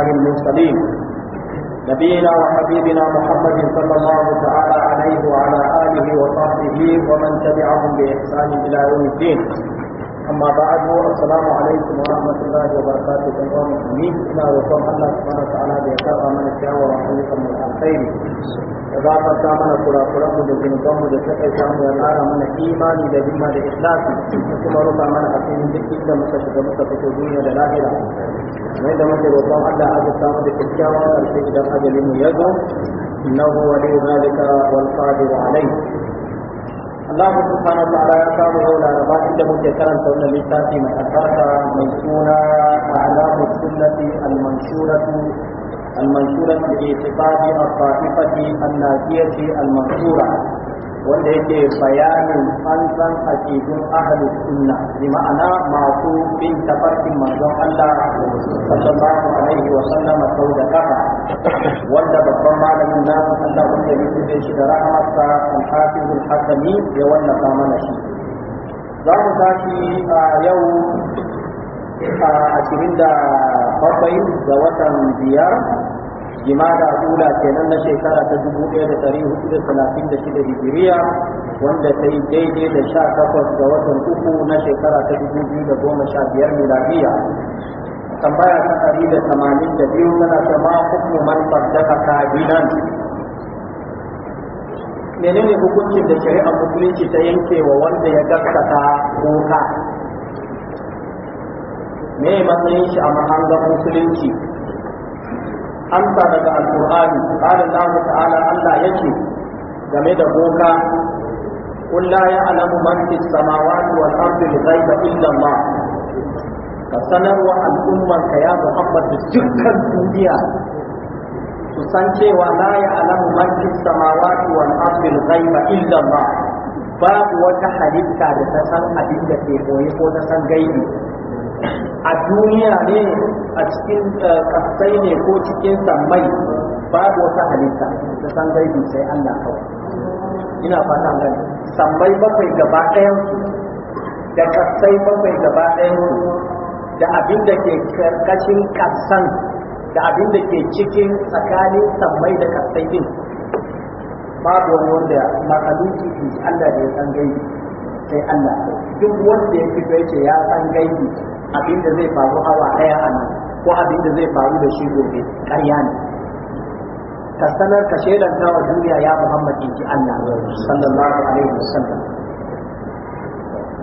الله المرسلين نبينا وحبيبنا محمد صلى الله تعالى عليه وعلى آله وصحبه ومن تبعهم بإحسان إلى يوم الدين amma ba a zuwa assalamu alaikum wa rahmatullahi wa barakatuh dan uwan mu ina roƙon Allah subhanahu wa ta'ala da ya kafa mana kyawa wa ayyuka mu alkhairi ba ka mana kula kula mu da jin gamu da ta kai samu ya ƙara mana imani da bima da ikhlasi da kuma roƙa mana a jiki duk inda muka shiga muka fito duniya da lahira mai da muka roƙon Allah a ga samu da kyakkyawan karshe idan ajalin mu ya zo innahu waliyyu dhalika wal qadiru alayhi Allah subhanahu wa ta'ala ya kawo yau laraba inda muke karanta wannan littafi mai albarka mai suna a'lamu sunnati al-manshuratu al-manshuratu bi itibadi al-fatihati an wanda yake bayanin tsantsan aƙidun ahalus sunna bi ma'ana masu bin tafarkin manzon Allah sallallahu alaihi wa sallama sau da kafa wanda babban malamin nasu Allah wanda ya rubuce shi da rahmatsa al hasani ya wallafa mana shi za mu tashi a yau a ashirin da bakwai ga watan biyar jimada ula kenan na shekara ta dubu ɗaya da ɗari hudu da talatin da shida hijiriya wanda ta yi daidai da sha takwas ga watan uku na shekara ta dubu biyu da goma sha biyar tambaya menene hukuncin da shari'ar musulunci ta yanke wa wanda ya gaskata kuka? me matsayin shi a mahangar musulunci amsa daga alqur'ani qala Allah ta'ala Allah yace game da boka قل لا يعلم من في السماوات والأرض الغيب إلا الله ka sanarwa al'ummarka ya Muhammad da dukkan duniya su san cewa la ya alamu man fi samawati wal ardil ghaiba illa Allah babu wata halitta da ta san abin da ke koyi ko ta san gaibi a duniya ne a cikin eh, kasai ne ko cikin sammai babu wata halitta da san gaibi sai Allah kawai ina fata gani sammai bakwai gaba ɗayan su da kasai bakwai gaba ɗayan su da abin da ke karkashin kasan da abin da ke cikin tsakanin sammai da kasai din babu wani wanda makaluki fi Allah da ya san gaibi sai Allah duk wanda ya fi ya san gaibi abinda zai faru awa daya a nan ko abin da zai faru da shi gobe ƙarya ne ka sanar ka shelanta wa duniya ya muhammad in ji allah sallallahu alaihi wasallam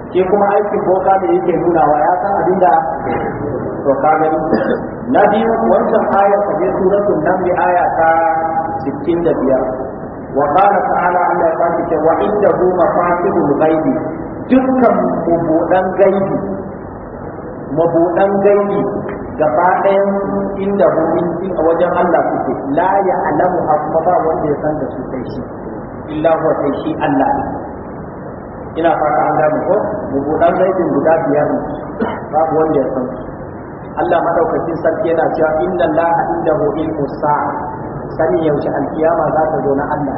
ke kuma aikin boka da yake nuna wa ya san abin da to ka gani na biyu wancan ayar ka je suratul namli aya ta 65 وقال ta عن Wa وعنده مفاتيح الغيب دكا مبودان غيبي مبودان غيبي gaba ɗayan inda mu'min a wajen Allah suke la ya alamu kuma ba wanda ya san da su kai shi illa huwa kai shi Allah ina fata an gane ko rubutan laifin guda biyar babu wanda ya san su Allah madaukakin sarki yana cewa inna Allah indahu ilmu sa'a sani yaushe alkiyama za ta zo na Allah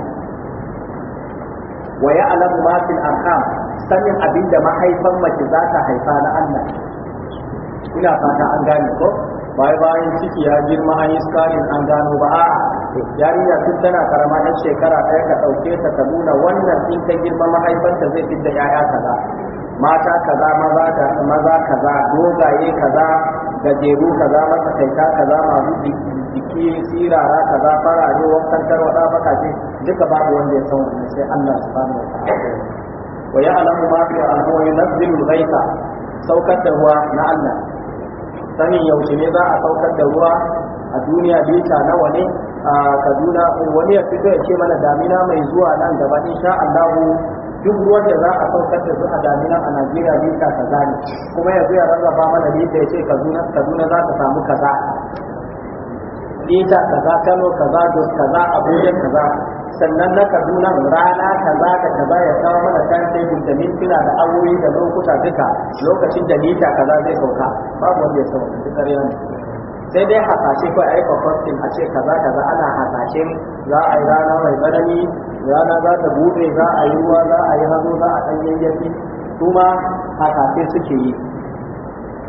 wa Alamu ma fil arham sanin abinda mahaifan mace za ta haifa na Allah ina fata an gane ko bai bayan ciki ya girma an yi tsarin an gano ba a yarinya tun tana karama ɗan shekara ɗaya ka ɗauke ta ta nuna wannan in ta girma mahaifanta zai da ya'ya kaza mata kaza maza da maza kaza dogaye kaza gajeru kaza matsakaita kaza masu jiki sirara kaza farare wankan baka ce, duka babu wanda ya san wannan sai Allah subhanahu wa ta'ala wa ya'lamu ma fi al-hawa saukar da ruwa na Allah sanin yaushe ne za a saukar da ruwa a duniya bita nawa ne a Kaduna wani ya fito ya ce mana damina mai zuwa nan gaba insha Allah duk ruwan da za a saukar da su a damina a Najeriya lita kaza ne kuma yanzu ya rarraba mana lita ya ce Kaduna za ta samu kaza lita kaza Kano kaza Jos kaza Abuja kaza sannan na kaduna rana kaza da kaza ya kawo mana kan tebul da mintuna da awoyi da lokuta duka lokacin da mita kaza zai sauka babu wanda ya sauka duk ƙarya ne sai dai hasashe ko a yi kwakwasin a ce kaza kaza ana hasashen za a yi rana mai tsanani rana za ta buɗe za a yi ruwa za a yi hazo za a ɗan yayyafi kuma hasashe suke yi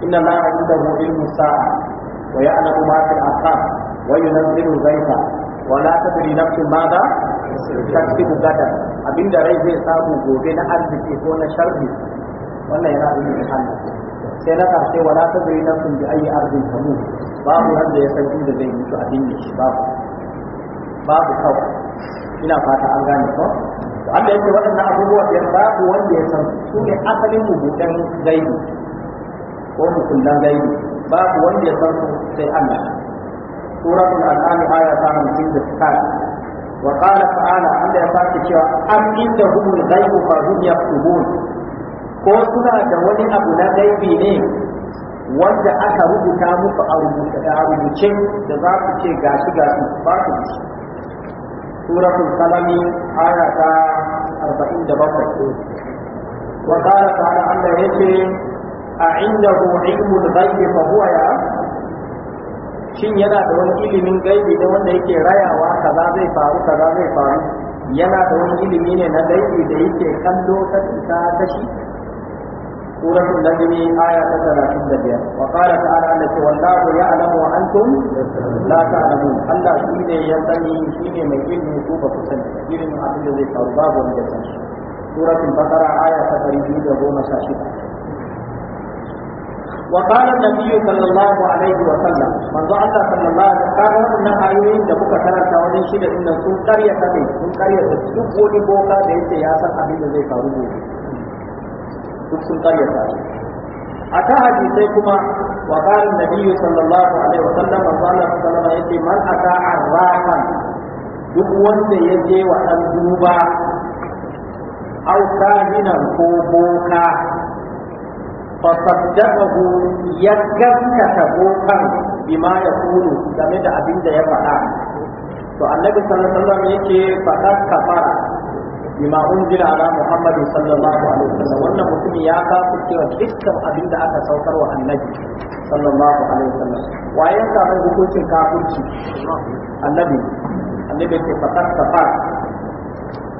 inna ma da ilmu musa wa ya'lamu ma fil Wani na yunzilu zaita. wala tadri nafsin ma za tasbihu gada abinda rai zai samu gobe na arziki ko na sharri wannan yana da hannu? sai na karshe wala tadri nafsin bi ayi ardin tamu babu wanda ya san inda zai mutu a dinne shi babu babu kawai ina fata an gane ko Allah yake waɗannan abubuwa biyar babu wanda ya san su ne asalin rubutan gaibi ko hukunnan gaibi babu wanda ya san su sai Allah سورة الأنعام آية 59 وقال تعالى عند يفاك شوى أم عندهم الغيب فهم يكتبون ko suna da wani abu na gaibi ne wanda aka rubuta musu a rubuce da za su ce gashi gashi ba su da shi suratul kalami aya ta 47 wa qala shin yana da wani ilimin gaibi ne wanda yake rayawa kaza zai faru kaza zai faru yana da wani ilimi ne na gaibi da yake kallo ta tsika ta shi سورة النجم آية 35 وقال تعالى لك والله يعلم وأنتم لا تعلمون ألا شيء ينتمي شيء من علم كوبا كسن علم عبد الذي سورة البقرة آية 36 وقال النبي صلى الله عليه وسلم من ذا الله صلى الله da muka karanta wani shi da inda sun karya ta ne sun karya ta duk wani boka da yake ya san abin da zai faru ne duk sun karya ta a ta hadisai kuma wa qala sallallahu alaihi wasallam man qala sallama yake man ata arrafan duk wanda ya je wa dan duba au kahinan ko boka ya فصدقه يكفك بوكا بما يقول game da abin da ya faɗa to annabi sallallahu alaihi wasallam yake faɗa kafara bima unzila ala muhammad sallallahu alaihi wasallam wannan mutum ya kafa cewa dukkan abin da aka saukar wa annabi sallallahu alaihi wasallam wayan samu hukuncin kafirci annabi annabi ke faɗa kafara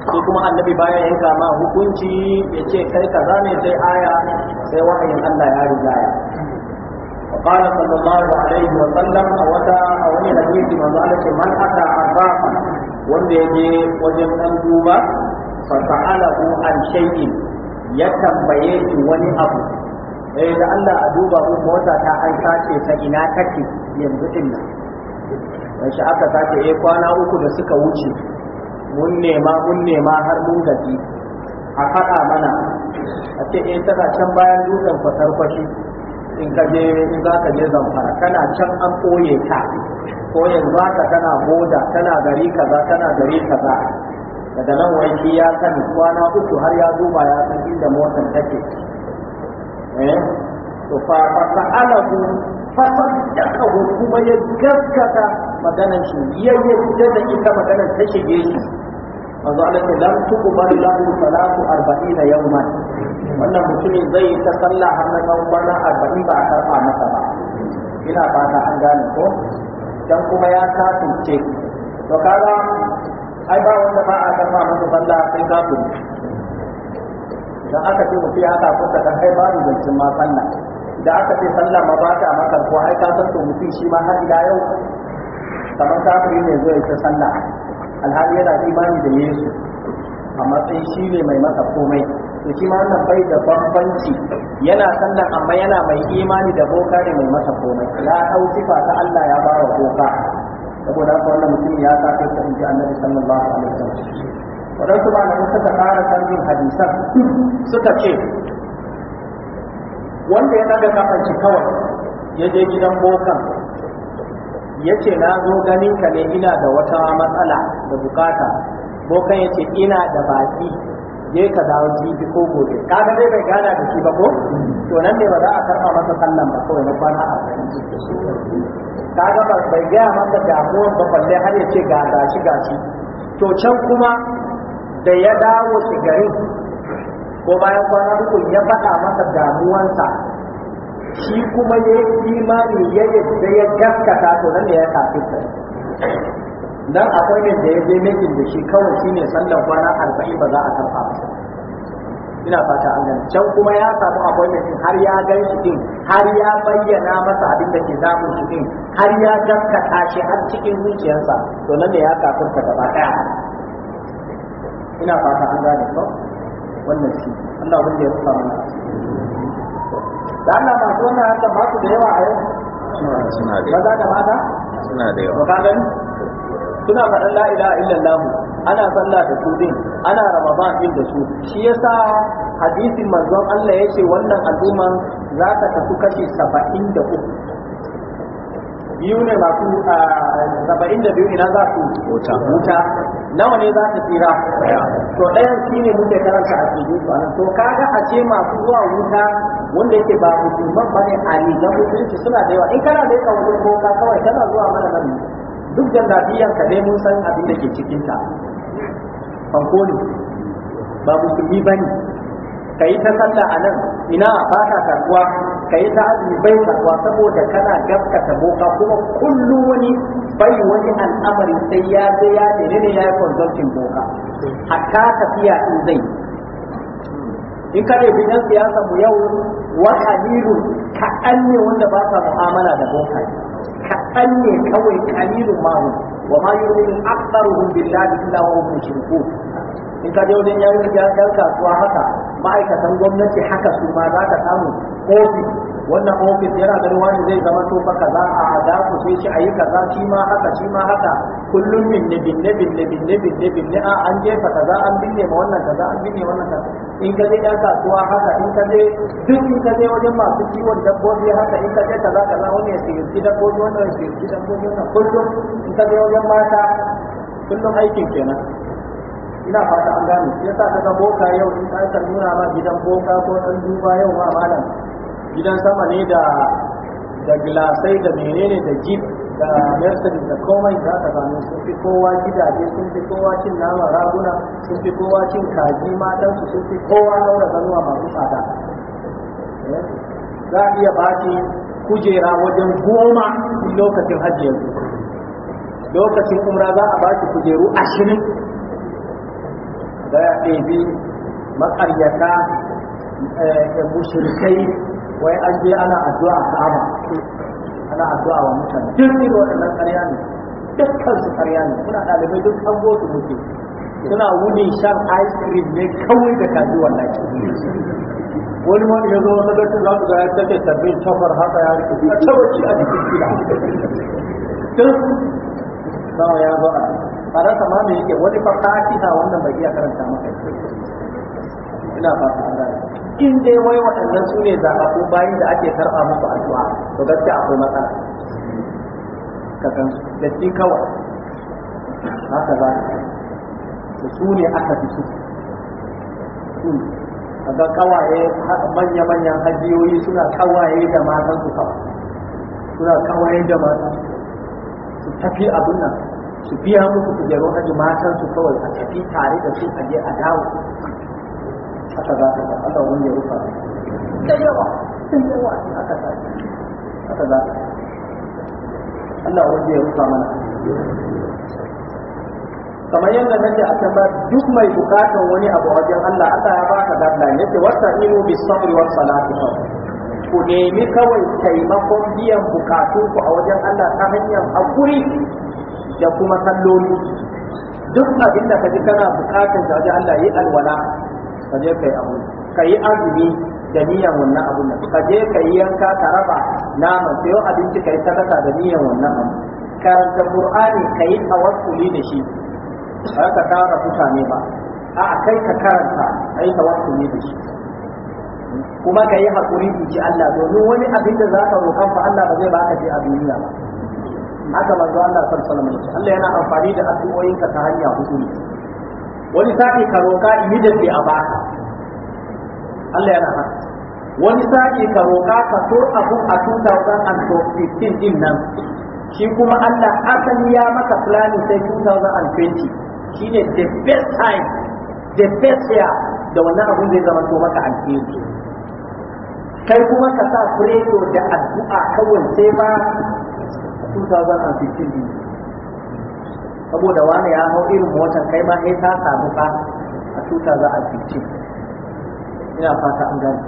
shi kuma annabi baya yanka ma hukunci ya ce kai kaza ne sai aya sai wahayin Allah ya ya rigaya وقال صلى الله عليه وسلم أوتا أولي حديث مزالة من أتى عرافا wanda ya je wajen ɗan duba fasa'alahu an shay'in ya tambaye shi wani abu eh da Allah a duba mun mota ta an sace ta ina take yanzu din nan shi aka sace eh kwana uku da suka wuce mun nema mun nema har mun gaji a faɗa mana a ce in tana can bayan dutsen fasarfashi in ka je za ka je zamfara kana can an ɓoye ta ko yanzu haka tana boda kana gari kaza kana gari kaza daga nan wai ya sani kwana uku har ya duba ya san inda motar take eh to fa fa ku fa kuma ya gaskata maganar shi ya da ita maganar ta shige shi manzo Allah ce lam tuqbal lahu salatu 40 yawman wannan mutumin zai ta salla har na tsawon kwana 40 ba a karba masa ba ina fata an gane ko dan kuma ya kasance to kaga ai ba wanda ba a karba masa salla sai kafin dan aka ce mutum ya kafin ta kan kai babu zancin ma sallah da aka ce sallah ma ba ta maka ko ai ka san to mutum shi ma har ila yau kamar kafiri ne zai ta sallah alhali yana imani da yesu a matsayin shi ne mai masa komai to shi ma wannan bai da bambanci yana sannan amma yana mai imani da boka ne mai masa komai Ya hau sifa ta Allah ya ba wa boka saboda haka wannan mutum ya ta kai ta inji annabi sallallahu alaihi wasallam wadansu ba na suka fara sanin hadisan suka ce wanda ya daga kafar shi kawai ya je gidan bokan yace na zo ganin ka ne ina da wata matsala da bukata bokan yace ina da baki je ka dawo jibi ko gobe kaga dai bai gana da shi ba ko to nan ne ba za a karba masa sallan ba kawai na kwana a kan kaga ba bai ga masa damuwar ba balle har ya ce ga gashi gashi to can kuma da ya dawo shi garin ko bayan kwana uku ya faɗa masa damuwansa shi kuma ya yi imani ya yadda ya gaskata to nan ne ya kafin ka nan akwai min da ya je mekin da shi kawai shine sallan kwana arba'in ba za a karfa masa ina fata an gani can kuma ya samu appointment din har ya gan shi din har ya bayyana masa abin da ke zamu shi din har ya gaskata shi har cikin zuciyarsa to nan ne ya kafirta gaba daya ina fata an gane ko wannan shi Allah wanda ya rufa mana da Allah masu wannan harka ba su da yawa a yau maza da mata suna da yawa gani suna faɗin la ilaha illallah ana sallah da su din ana ramadan din da su shi yasa hadisin manzon Allah yace wannan al'umman za ta tafi kashi 73 biyu ne masu saba'in da biyu ina za su wuta nawa ne za su tsira to ɗayan shi ne muke karanta a cikin su to kaga a ce masu zuwa wuta wanda yake ba musulman ba ne a ne don musulunci suna da yawa in kana da yawa wajen boka kawai kana zuwa mana nan duk jandabiyan ka ne mun san abin da ke cikinta fanko ne ba musulmi ba ne ka yi ta sallah a nan ina ba ka karbuwa ka yi ta azumi bai karbuwa saboda kana gaskata boka kuma kullum wani bai wani al'amari sai ya je ya na ne ya yi consulting boka hatta tafiya in zai in kare bi siyasa mu yau wa kalilun kaɗan ne wanda ba sa mu'amala da boka kaɗan ne kawai kalilun mahu wa ma yurminu aktsaruhum billahi illa wa hum mushrikun in ka je wajen yan kasuwa haka ma'aikatan gwamnati haka su ma za ka samu ofis wannan ofis yana ganin wani zai zama to baka kaza a ada ku sai shi ayi kaza shi ma haka shi ma haka kullum binne binne binne binne binne binne a an jefa kaza an binne ma wannan kaza an binne wannan kaza in ka je yan kasuwa haka in ka je duk in ka je wajen masu kiwon dabbobi haka in ka je kaza kaza wani ya sirri dabbobi wannan ya sirri dabbobi wannan kullum in ka je wajen mata kullum aikin kenan ina fata an gane shi yasa ka ga boka yau in ka nuna ma gidan boka ko dan duba yau ma malam gidan sama ne da da gilasai da menene da jeep da mercedes da komai za ka gano sun fi kowa gidaje sun fi kowa cin nama raguna sun fi kowa cin kaji matan su sun fi kowa daura ganuwa masu tsada eh, za a iya baci kujera wajen goma lokacin hajji yanzu lokacin umra za a baki kujeru ashirin da ya ɗebi maƙaryata eh, mushrikai wai an je ana addu'a ka'aba ana addu'a wa mutane duk irin waɗannan ƙarya ne dukkan su ƙarya ne kuna ɗalibai duk an gosu muke suna wuni shan ice cream ne kawai da kaji wallahi wani wani ya zo wani lokacin za su ga ya take sabbin shafar haka ya rike a tawaci a jikin gida duk nawa ya zo a fara sama mai yake wani farka fatiha wannan bai iya karanta maka ina fata an gane in dai wai waɗannan su ne zaɓaɓɓu bayan da ake karɓa musu addu'a to gaskiya akwai matsala ka san da shi kawai haka za ka da su ne aka fi su hmm. kaga kawaye manya-manyan hajiyoyi suna kawaye da matan su kawai suna kawaye da matan su tafi abin nan su biya muku kujerun haji matan su kawai a tafi tare da su a je a dawo haka za ka Allah wani ya rufa da yawa da yawa ne aka sa haka za ta. Allah wani ya rufa mana kamar yadda nake a can duk mai bukatan wani abu wajen Allah Allah ya baka ne yace wata inu bi sabri wa salati ku nemi kawai taimakon biyan bukatun ku a wajen Allah ta hanyar hakuri da kuma salloli duk abin da kaji kana bukatar da wajen Allah yi alwala ka je kai abu ka yi azumi da niyan wannan abun nan ka je ka yi yanka ka raba naman sayo abinci ka yi sadaka da niyan wannan abu karanta qur'ani ka yi tawakkuli da shi ba ka tara mutane ba a kai ka karanta ka yi tawakkuli da shi kuma ka yi haƙuri ki Allah domin wani abin da za ka roƙa fa Allah ba zai baka shi a duniya ba haka manzo Allah sallallahu alaihi wasallam Allah yana amfani da ka ta hanya hudu ne wani sa'i ka roka immediately a baka Allah yana haka wani sa'i ka roka ka so abu a 2015 din nan shi kuma Allah asali ya maka planning sai 2020 ne the best time the best year da wannan abun zai zama to maka alheri kai kuma ka sa preto da addu'a kawai sai ba 2015 saboda wani ya hau irin motar kai ma sai ta samu ka a 2015 ina fata an gane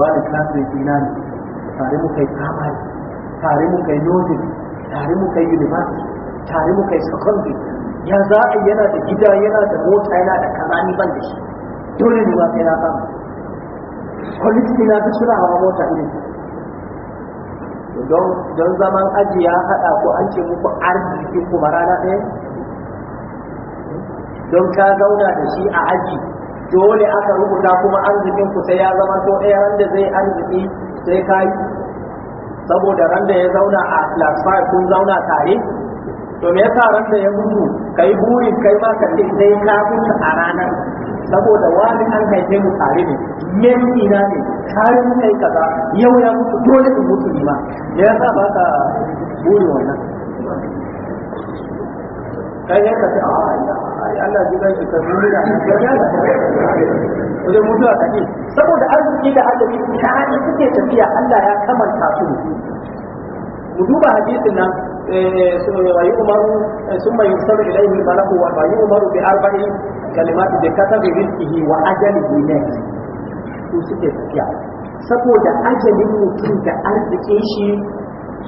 wani classmate dina ne tare muka yi primary tare muka yi nursery tare muka yi university tare muka yi secondary ya za a yana da gida yana da mota yana da kaza ni ban da shi dole ne ba sai na samu kwaliti na ta shirawa mota irin don zaman aji ya haɗa ko an ce muku arziki kuma rana ɗaya don ka zauna da shi a aji dole aka rubuta kuma arzikin ku sai ya zama to ɗaya randa zai arziki sai ka yi saboda randa ya zauna a lasfai kun zauna tare to me yasa randa ya mutu kai burin kai ma ka ce sai ka mutu a ranar saboda wani an haife mu tare ne yanki na ne karin kai kaza yau ya mutu dole ku mutu ni ma ya sa ba ka buri wannan kai ka tafi a ah, Allah ji zai ka zuri da wajen mutuwa ka kai saboda arziki da arziki ta hanyar suke tafiya Allah ya kamanta su mu duba hadisin nan ويؤمر ثم يرسل إليه الملك bi arba'in. kalimatu bi kasabi rizqihi wa ajalihi ne su suke tafiya saboda ajalin mutum da arziki shi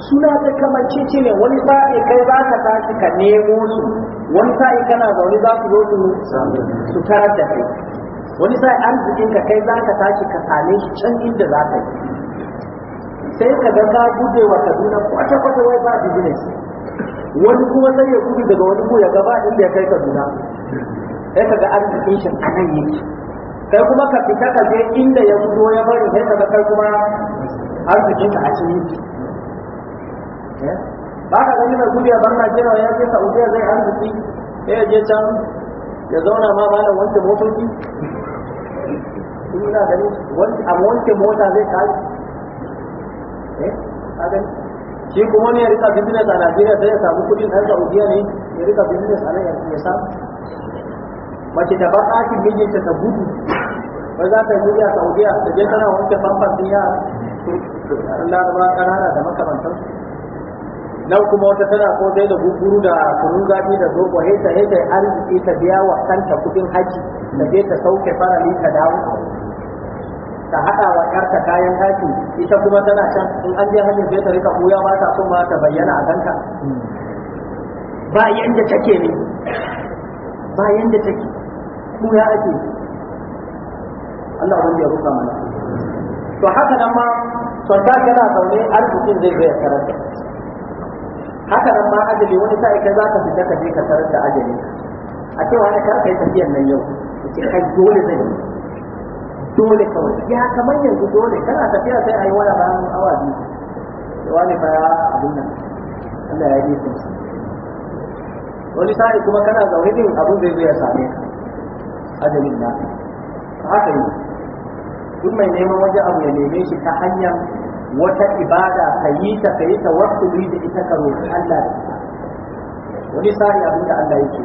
suna da kamancece ne wani sa'i kai za ka tashi ka nemo su wani sa'i kana zaune za su zo su tarar da kai wani sa'i arzikin ka kai za ka tashi ka same shi can inda za ka yi sai ka ga ka gude wa kaduna kwata-kwata wai ba business wani kuma sai ya gudu daga wani ko ya gaba inda ya kai kaduna sai ka ga shi a nan yake kai kuma ka fita ka je inda ya zo ya bari sai ka ga kai kuma arzikin ka a cikin yake eh? ba ka gani mai gudu ya bar kira ya ce Saudiya zai arziki sai ya je can ya zauna ma malam wanke motoci ina gani a wanke mota zai kai eh ka shi kuma ne ya rika business a Najeriya sai ya samu kudin ɗan Saudiya ne ya rika business a nan ya samu mace da ban ɗakin mijinta ta gudu ba za ta gudu a saudiya da je tana wanke famfan din yara laraba ƙanana da makamantansu nan kuma wata tana ko dai da guguru da kunun zafi da zobo heta heta arziki ta biya wa kanta kuɗin haji da je ta sauke farali ta dawo ta haɗa wa ƴarta kayan haji ita kuma tana can in an je hajjin sai ta rika ɓuya ba ta so ma ta bayyana a ganka ba yanda take ne ba yanda take ya ake Allah ubangiji ya ruka mana to haka nan ma sonta kana zaune arzikin zai zo ya da haka nan ma ajali wani sa'i kai za ka fita ka je ka tarar da ajali a cewa ne kar kai tafiyar nan yau ce kai dole zai dole kawai ya kamar yanzu dole kana tafiya sai a yi waya bayan awa biyu wani baya abin nan Allah ya yi sun wani sa'i kuma kana zaune din abin zai zo ya same ka ajalin na haka ne duk mai neman wajen abu ya neme shi ta hanyar wata ibada ka yi ta ka yi ta wasu da ita ka roƙi Allah da ita wani sa'i abin da Allah yake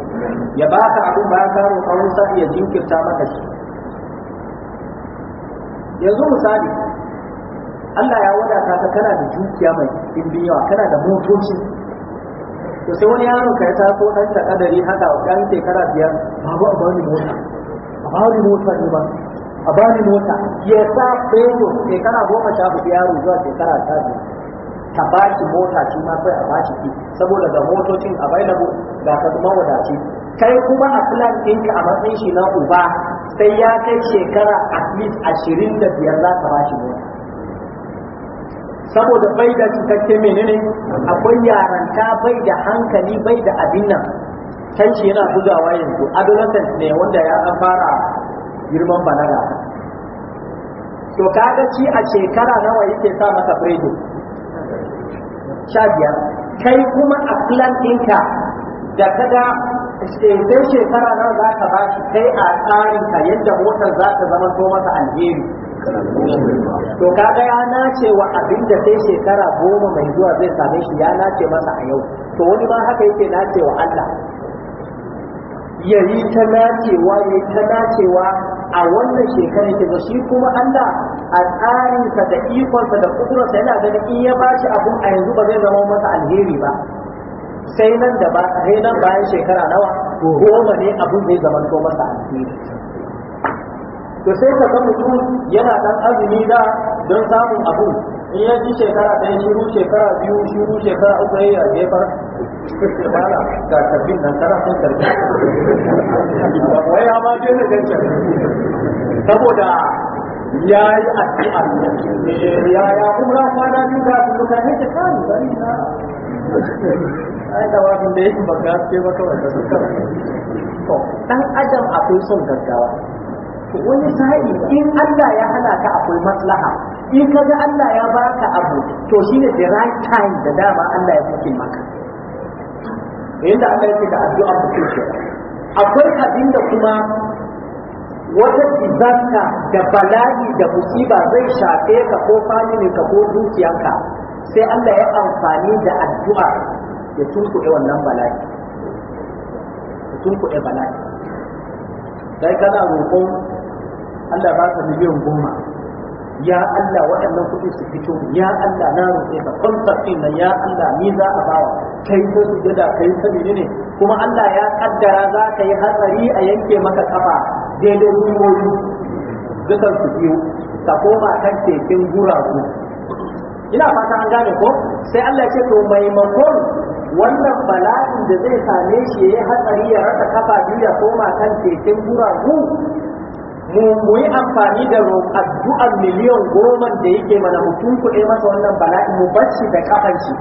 ya baka abin ba ka roƙa wani sa'i ya jinkirta maka shi yanzu misali Allah ya wadata ka kana da dukiya mai ɗimbin yawa kana da motoci to sai wani yaro ka ya taso ɗan ta kadari haka ɗan shekara biyar babu a bani mota bani mota ne ba a bani mota ya sa fedo shekara goma sha hudu yaro zuwa shekara ta biyu ta baki mota shi ma sai a baki ki saboda da motocin available ga ka kuma wadace kai kuma a plan ɗinka a matsayin shi na uba sai ya kai shekara at least ashirin da biyar za ka bashi mota saboda bai da cikakke menene akwai yaranta bai da hankali bai da abin nan canci yana bugawa yanzu adolescent ne wanda ya dan fara girman balaga to kaga ci a shekara nawa yake sa maka fredo sha biyar kai kuma a plan ɗinka da kaga eh, sai shekara nawa za ka ba shi kai a tsarinka yadda motar za ta zama to masa alheri to kaga ya nace wa abin da sai shekara goma mai zuwa zai same shi ya nace masa a yau to wani ma haka yake nace wa Allah ya ta dacewa ya yi ta dacewa a wannan shekarar ke da shi kuma Allah a tsarinsa da ikonsa da kudurarsa yana ganin in ya ba shi abun a yanzu ba zai zama masa alheri ba sai nan da ba sai nan bayan shekara nawa to goma ne abu zai zama to masa alheri to sai ka ga mutum yana dan azumi da don samun abun in ya ji shekara ɗaya shiru shekara biyu shiru shekara uku ya yi far bala ga karbin nan tana son karbin ba kuwa ya ma je da cancan saboda ya yi addu'a ya ya kuma kwana biyu ga su duka ne ta kan bari na ai da wafin da yake baka ce ba kawai da suka to dan adam akwai son gaggawa wani sa'i in Allah ya hana ka akwai maslaha in ka ga Allah ya baka abu to shine the right time da dama Allah ya sake maka yadda Allah yake da addu'a ku ke akwai abin da kuma wata disaster da bala'i da musiba zai shafe ka ko family ka ko dukiyanka sai Allah ya amfani da addu'a ya da wannan bala'i ya da bala'i sai kana roƙon Allah ba ka miliyan goma ya Allah waɗannan kuɗi su fito ya Allah na roƙe ka kwantar na ya Allah ni za a bawa kai ko su jada kai sabi ne kuma Allah ya kaddara za ka yi hatsari a yanke maka kafa daidai gwiwoyi dukan su biyu ka koma kan tekin guragu ina fata an gane ko sai Allah ya ce to maimakon wannan bala'in da zai same shi ya yi hatsari ya rasa kafa biyu ya koma kan tekin guragu mu amfani da addu'ar miliyan goma da yake mana mutum kuɗe masa wannan bala'i mu bacci da kafanci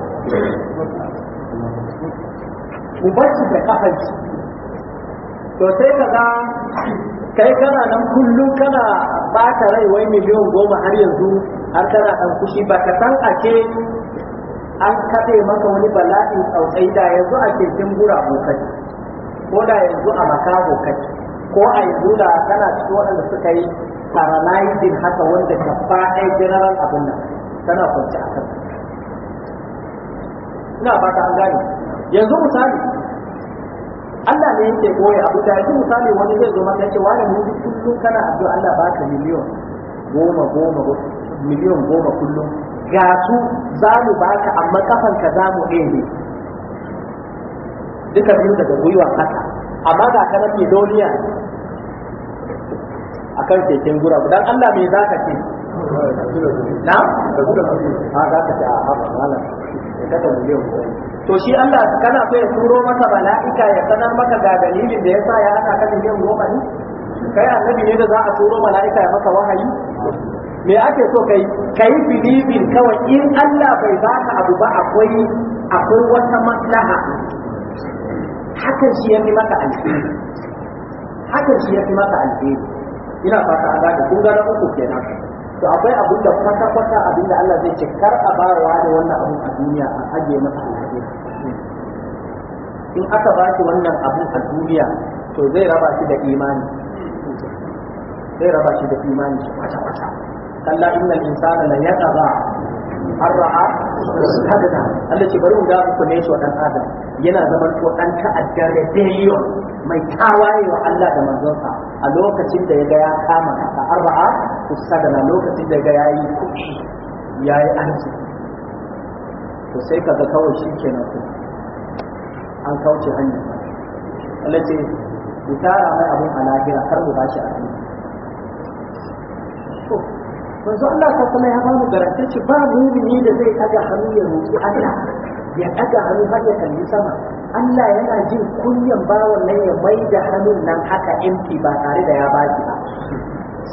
mu bacci da kafanci to sai ka ga kai kana nan kullum kana bata rai wai miliyan goma har yanzu har kana ɗan kushi ba ka san ake an kaɗe maka wani bala'i tsautsayi da yanzu a ake gura bokai ko da yanzu a makaho kai ko a yanzu da kana cikin waɗanda suka yi paralyzing haka wanda gaba ɗaya general abin nan tana kwanci a kan ina fata an gane yanzu misali Allah ne yake goye abu ta yanzu misali wani zai zo maka ce wani mu kullum kana addu'a Allah baka miliyon goma goma miliyon goma kullum ga su za mu baka amma kafanka za mu ne duka biyu daga gwiwa haka amma ga ka rafi duniya akan keken gura dan Allah me za ka ce na a za ka ce a haka malam ka ta miliyan to shi Allah kana so ya turo maka mala'ika ya sanar maka ga dalilin da yasa ya haka ka miliyan goma ne kai annabi ne da za a turo mala'ika ya maka wahayi me ake so kai kai bilibin kawai in Allah bai baka abu ba akwai akwai wata maslaha hakan shi ya fi maka alheri hakan shi ya fi maka alheri ina fata a gada kun gano uku kenan to akwai abin da kwata kwata abin da Allah zai ce kar a ba wa da wannan abun a duniya a ajiye masa alheri in aka ba wannan abun a duniya to zai raba shi da imani zai raba shi da imani kwata kwata kalla innal insana la yataba arra'a hadana Allah ce bari mu da ku ne wa yana zaman to dan ta'addar rebellion mai tawaye wa Allah da manzonsa a lokacin da ya gaya kama a kasa ku sadana lokacin da ya ga ya yi yayi arziki to sai kaga kawai shi kenan ko an kauce hanya Allah ce ku tara mai abun a lahira kar mu bashi a duniya manzo Allah ta kuma ya bamu ci ba mumini da zai daga hannu ya roƙi Allah ya daga hannu har ya kalli sama Allah yana jin kunyan bawan nan ya mai da hannun nan haka empty ba tare da ya baki ba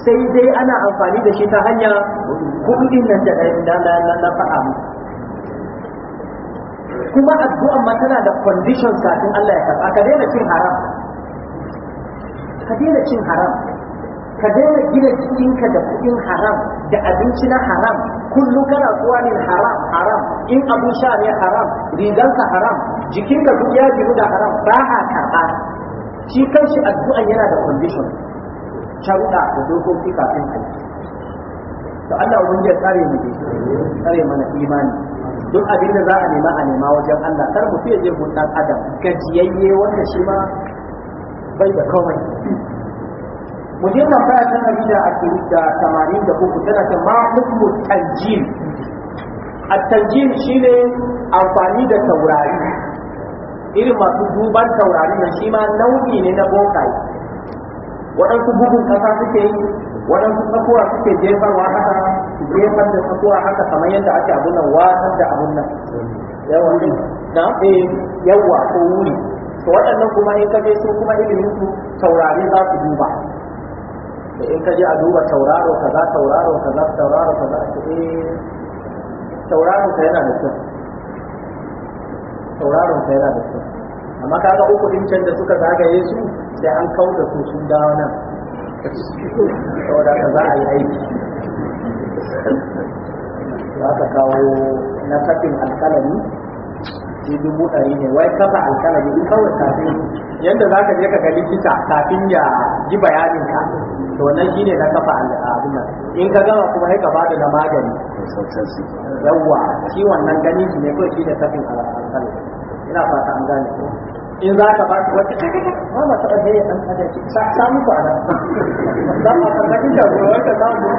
sai dai ana amfani da shi ta hanya kudin nan da na faɗa mu kuma addu'a ma tana da condition sakin Allah ya karɓa ka daina cin haram ka daina cin haram ka daina gina jikinka da kuɗin haram da abinci na haram kullum kana zuwa ne haram haram in abin sha ne haram riganka haram jikinka duk ya ginu da haram ba a karɓa shi addu'an yana da condition sharuɗa da dokoki kafin aiki. to Allah ubangiji ya tsare mu tsare mana imani duk abin da za a nema a nema wajen Allah kar mu fiye je mun adam gajiyayye wanda shi ma bai da komai mu je baya ta ɗari da ashirin da tamanin da uku tana ta ma hukmu tanjim a tanjim ne amfani da taurari irin masu duban taurari na shi ma nau'i ne na bokai waɗansu bugun ƙasa suke yi waɗansu tsakuwa suke jefarwa haka jefar da tsakuwa haka kamar yadda ake abun nan wasan da abun nan yawan na eh yawa ko wuri to waɗannan kuma in ka je su kuma ilimin su taurari za su duba da in ka je a duba tauraro kaza tauraro kaza tauraro kaza a ce eh, tauraro ka yana da kyau tauraro ka yana da kyau amma kaga uku din can da suka zagaye su sai an kauda su sun dawo nan saboda ka za a yi aiki za ka kawo na kafin alkalami shi dubu ɗari ne wai kafa alkalami kawai kafin yadda za ka je ka ga likita kafin ya ji bayanin ka to wannan shi ne na kafa abin nan in ka gama kuma sai ka ba da magani yawwa ciwon nan gani shi ne kawai shi da kafin alkalami ina fata an gane ko in za ka ba ku wata ma ma taɓa zai ɗan kada ki samu ku ana za ma ka zaki da kuma wata za mu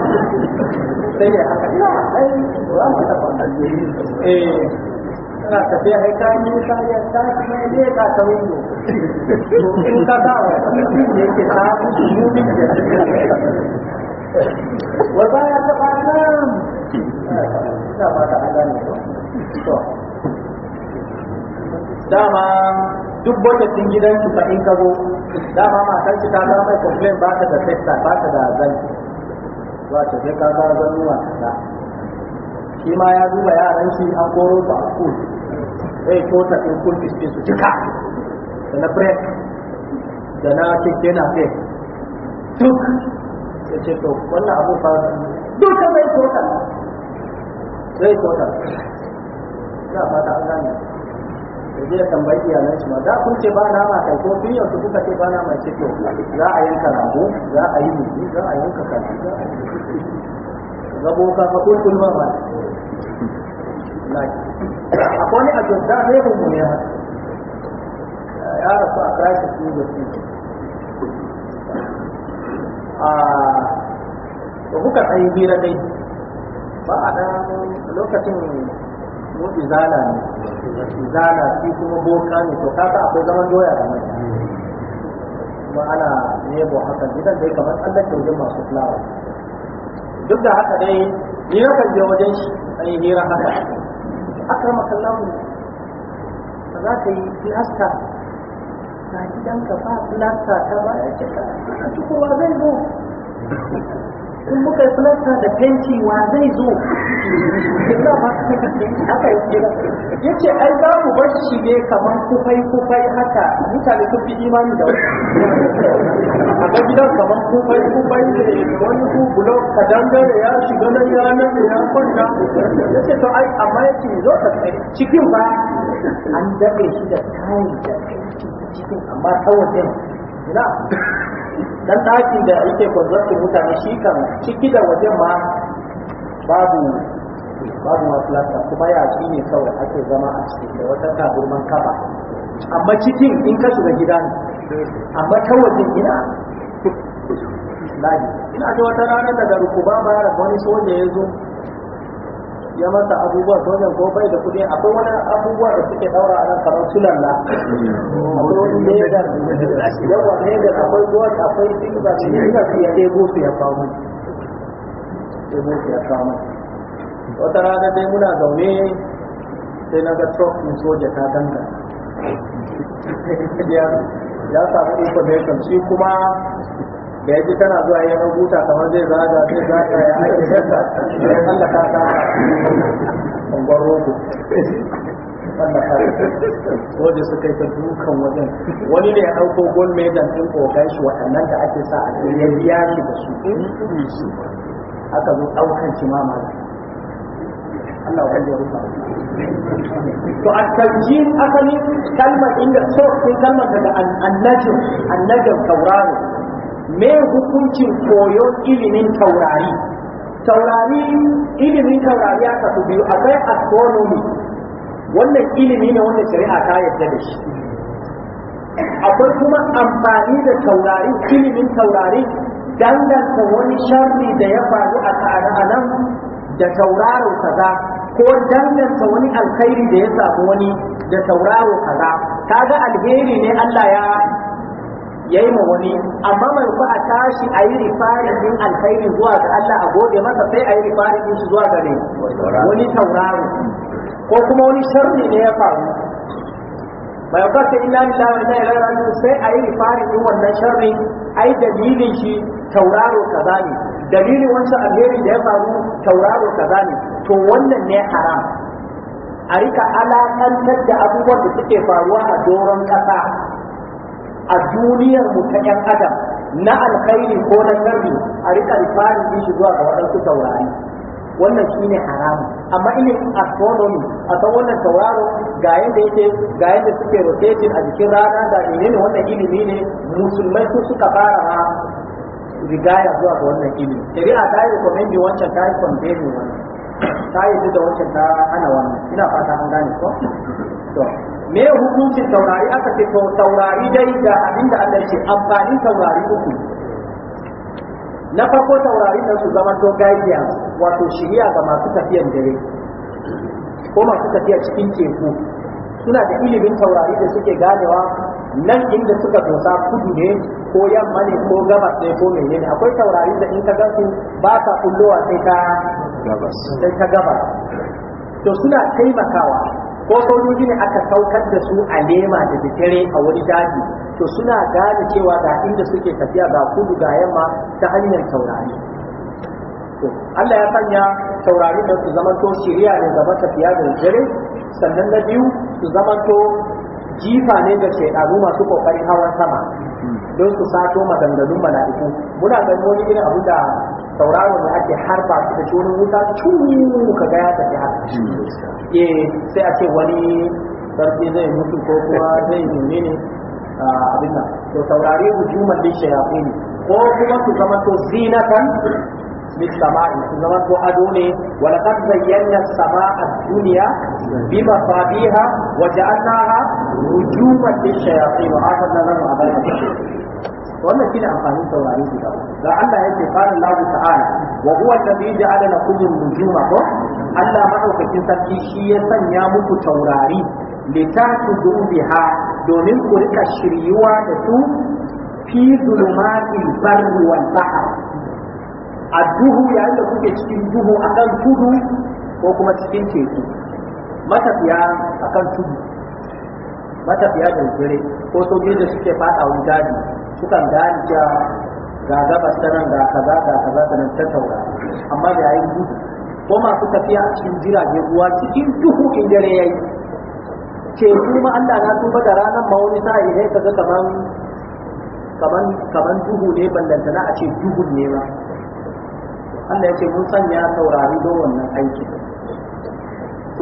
sai ya haka ina ai za mu taɓa eh kana tafiya sai ka yi ka ya ta kuma ne ka ta windo in ka dawo ne ke ta mu ne wa ba ya ta nan ina ba ta gane dama duk bokatin gidanki fa in ka zo dama matar ki ta ga mai complain ba ta da sexta ba ta da zanki wato sai ka ga zanuwa ta shi ma ya duba yaran shi an koro su a school sai tota in kun fees su cika da na break da na keke na fe duk ya ce to wannan abu fa duka mai tota Sai tota ina fata an gane da zai tambayi iyalan shi ma da kun ce ba nama kai ko tun yanzu kuka ce ba nama ce to za a yanka rago za a yi mutu za a yanka kaji za a yi rabo ka fa kulkul ma ba akwai wani a jodda ne mu ne ya rasu a krashi su da su a ah, da kuka tsayi hira dai ba a ɗan lokacin mu izana, ne izala shi kuma boka ne to kaka akwai zaman doya da mai kuma ana nebo haka gidan dai kamar Allah ke wajen masu fulawa duk da haka dai ni na kan je wajen shi أي هيرة هذا أكرمك الله فذاك يلاسكا ما جدا كفاء بلاسكا كما يجب أن تكون زي in muka filasta da fenti wa zai zo haka ya ce ai za mu bar shi ne kamar kufai kufai haka mutane sun fi imani da wani a gidan kamar kufai kufai ne wani kubulo ka dangare ya shiga nan ya nan ne ya kwanta ya ce to ai amma ya ce zo ka kai cikin ba an daɗe shi da kayan da cikin amma ta wajen dan ɗakin da yake kwanzantar mutane shi kan ciki da wajen ma babu babu masu lafiya kuma ci ne kawai ake zama a ciki da wata taburman kafa amma cikin in ka shiga gida ne amma ta wajen ina ina ga wata rana daga rukuba ba wani soja ya zo ya masa abubuwa sojan ko bai da kuɗi akwai wani abubuwa da suke daura a nan kamar sunan na akwai wani legar ne da akwai gold akwai silva da legar ya ɗebo su ya kawo ɗebo su ya kawo wata rana dai muna zaune sai na ga trokin soja ta danga ya samu information shi kuma da yaji tana zuwa ya rubuta kamar zai zaga zai zaga ya aiki sassa ya tsallaka ta ɓangon rogo ko wajen suka yi ta dukan wajen wani ne ya ɗauko gol mai ɗin ƙoƙon shi waɗannan da ake sa a ya biya shi da su aka zo ɗaukan shi ma mala Allah wani ya rufa to a tarjim asali kalmar inda so sai kalmar daga annajin annajin tauraro me hukuncin koyon ilimin taurari taurari ilimin taurari aka su biyu akwai astronomy wannan ilimi ne wanda shari'a ta yarda da shi akwai kuma amfani da taurari ilimin taurari danganta wani sharri da ya faru a ta'anan da tauraro kaza ko danganta wani alkhairi da ya samu wani da tauraro kaza kaga alheri ne Allah ya yayi ma wani amma mai ba a tashi a yi rifarin din alkhairi zuwa ga Allah a gode masa sai a yi rifarin din shi zuwa ga ne wani tauraro ko kuma wani sharri ne ya faru bai ba ta illa ni lawan da ya sai a yi rifarin din wannan sharri ai dalilin shi tauraro kaza ne dalilin wancan alheri da ya faru tauraro kaza ne to wannan ne haram a rika alakantar da abubuwan da suke faruwa a doron kasa a duniyar mu ta yan adam na alkhairi ko na sharri a rika rifari shi zuwa ga waɗansu taurari wannan shine haramu amma ilimin astronomy a ta wannan tauraro ga yadda yake ga yadda suke rotating a jikin rana da ne wannan ilimi ne musulmai su suka fara ma rigaya zuwa ga wannan ilimi shari'a ta yi recommending wancan ta yi condemning wannan ta yi da wancan ta ana wannan ina fata an gane ko to me hukuncin taurari aka ce to taurari dai da abinda Allah ce amfanin taurari uku na farko taurari nan su zama to guidance wato shiriya ga masu tafiyan dare ko masu tafiya cikin teku suna da ilimin taurari da suke ganewa nan inda suka dosa kudu ne ko yamma ne ko gabas ne ko menene akwai taurari da in ka ga su ba ka kullowa sai ka gabas sai ka gabas to suna taimakawa ko sojoji ne aka saukar da su a lema da dare a wani daji to suna gane cewa ga inda suke tafiya ga kudu ga yamma ta hanyar taurari to Allah ya sanya taurari da su zamanto shiriya ne ga tafiya da dare sannan na biyu su zamanto jifa ne ga shekaru masu kokarin hawan sama don su sato maganganun mala'iku muna ganin wani irin abu da sauraro da ake harba su da wuta cuuu ka ga ya tafi haka eh sai a ce wani sarki zai mutu ko kuma zai nune ne abin nan to saurare hujuman da shayafi ne ko kuma su zama to zinatan للسماء إنما هو أدوني ولقد زينا السماء الدنيا بمصابيها وجعلناها رجوما للشياطين وآخذنا لهم أبدا wannan shine amfanin saurari guda ga Allah ya ce fara Allah ta'ala wa huwa alladhi ja'ala lakum nujuma ko Allah madaukakin sarki shi ya sanya muku taurari litahdu biha domin ku rika shiryuwa da su fi zulumatil barri wal bahr a duhu yayin da kuke cikin duhu akan tudu ko kuma cikin teku matafiya akan tudu matafiya da dare ko sojoji da suke fada wani sukan gane cewa ga gabas ta nan ga kaza ga kaza da nan ta taura amma da yayin gudu ko masu tafiya a cikin jirage ruwa cikin duhu in dare yayi ce kuma Allah na tuba da ranar ma wani sa'i sai kaga kaman kaman kaman duhu ne ballantana a ce duhun ne ba Allah ya ce mun sanya taurari don wannan aikin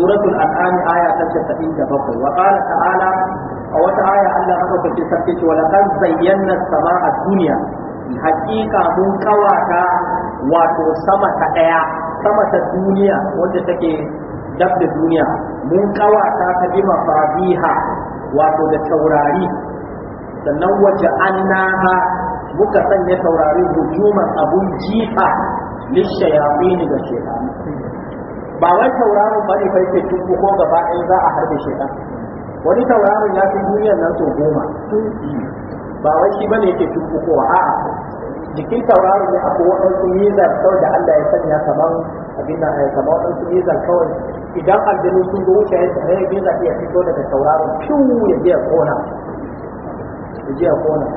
suratul an'am aya ta 97 wa qala ta'ala a wata aya Allah madaukakin sarki ce wala kan zayyana sama a duniya hakika mun kawata wato sama ta daya sama ta duniya wanda take dab da duniya mun kawata ta bi mafabiha wato da taurari sannan waje annaha muka sanya taurari hujuman abun jifa lishayafini da shekaru ba wai tauraron bane fa yake tuku ko gaba ɗaya za a harbe shekaru wani tauraron ya fi duniyar nan sau goma ba wai shi bane yake tukkukowa a'a jikin tauraron ne akwai waɗansu mizar kawai da Allah ya sanya kamar abin da ya eh, kamar waɗansu mizar kawai idan aljanu sun zo wuce yadda ne mizar iya fito daga tauraron fiwu ya je kona ya je kona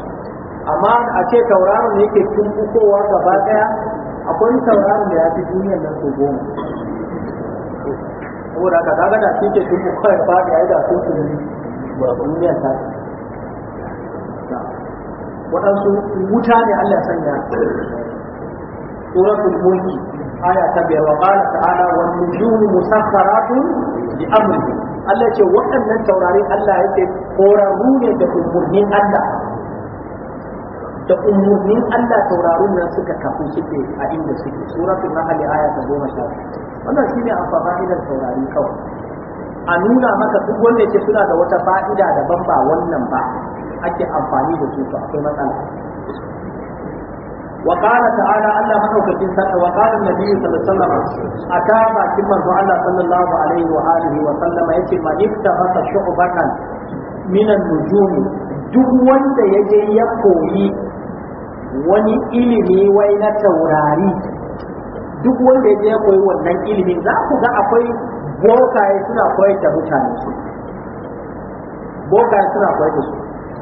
amma a ce tauraron ne tun tukkukowa gaba ɗaya akwai tauraron da ya fi duniyar nan sau goma saboda haka kaga da shi ke sun fi kawai faɗi a yi da sun sun yi ba duniyan ta waɗansu wuta ne Allah ya sanya suratul mulki aya ta biyar wa qala ta'ala wan nujumu musakharatun bi amrihi Allah ce waɗannan taurari Allah yake horarru ne da umurnin Allah da umurnin Allah taurarun nan suka kafu suke a inda suke suratul nahl aya ta 10 wannan shine amfa fa'idar taurari kawai a nuna maka duk wanda yake suna da wata fa'ida daban ba wannan ba ake amfani da su to akwai matsala وقال تعالى الله مدوكين سنة وقال النبي صلى الله عليه وسلم أتى كما الله wa الله عليه وآله وسلم يتي ما اكتبت شعبة من النجوم duk wanda ya je ya koyi wani ilimi wai na taurari duk wanda ya je ya koyi wannan ilimin za ku ga akwai bokaye suna koyar da mutane su bokaye suna koyar da su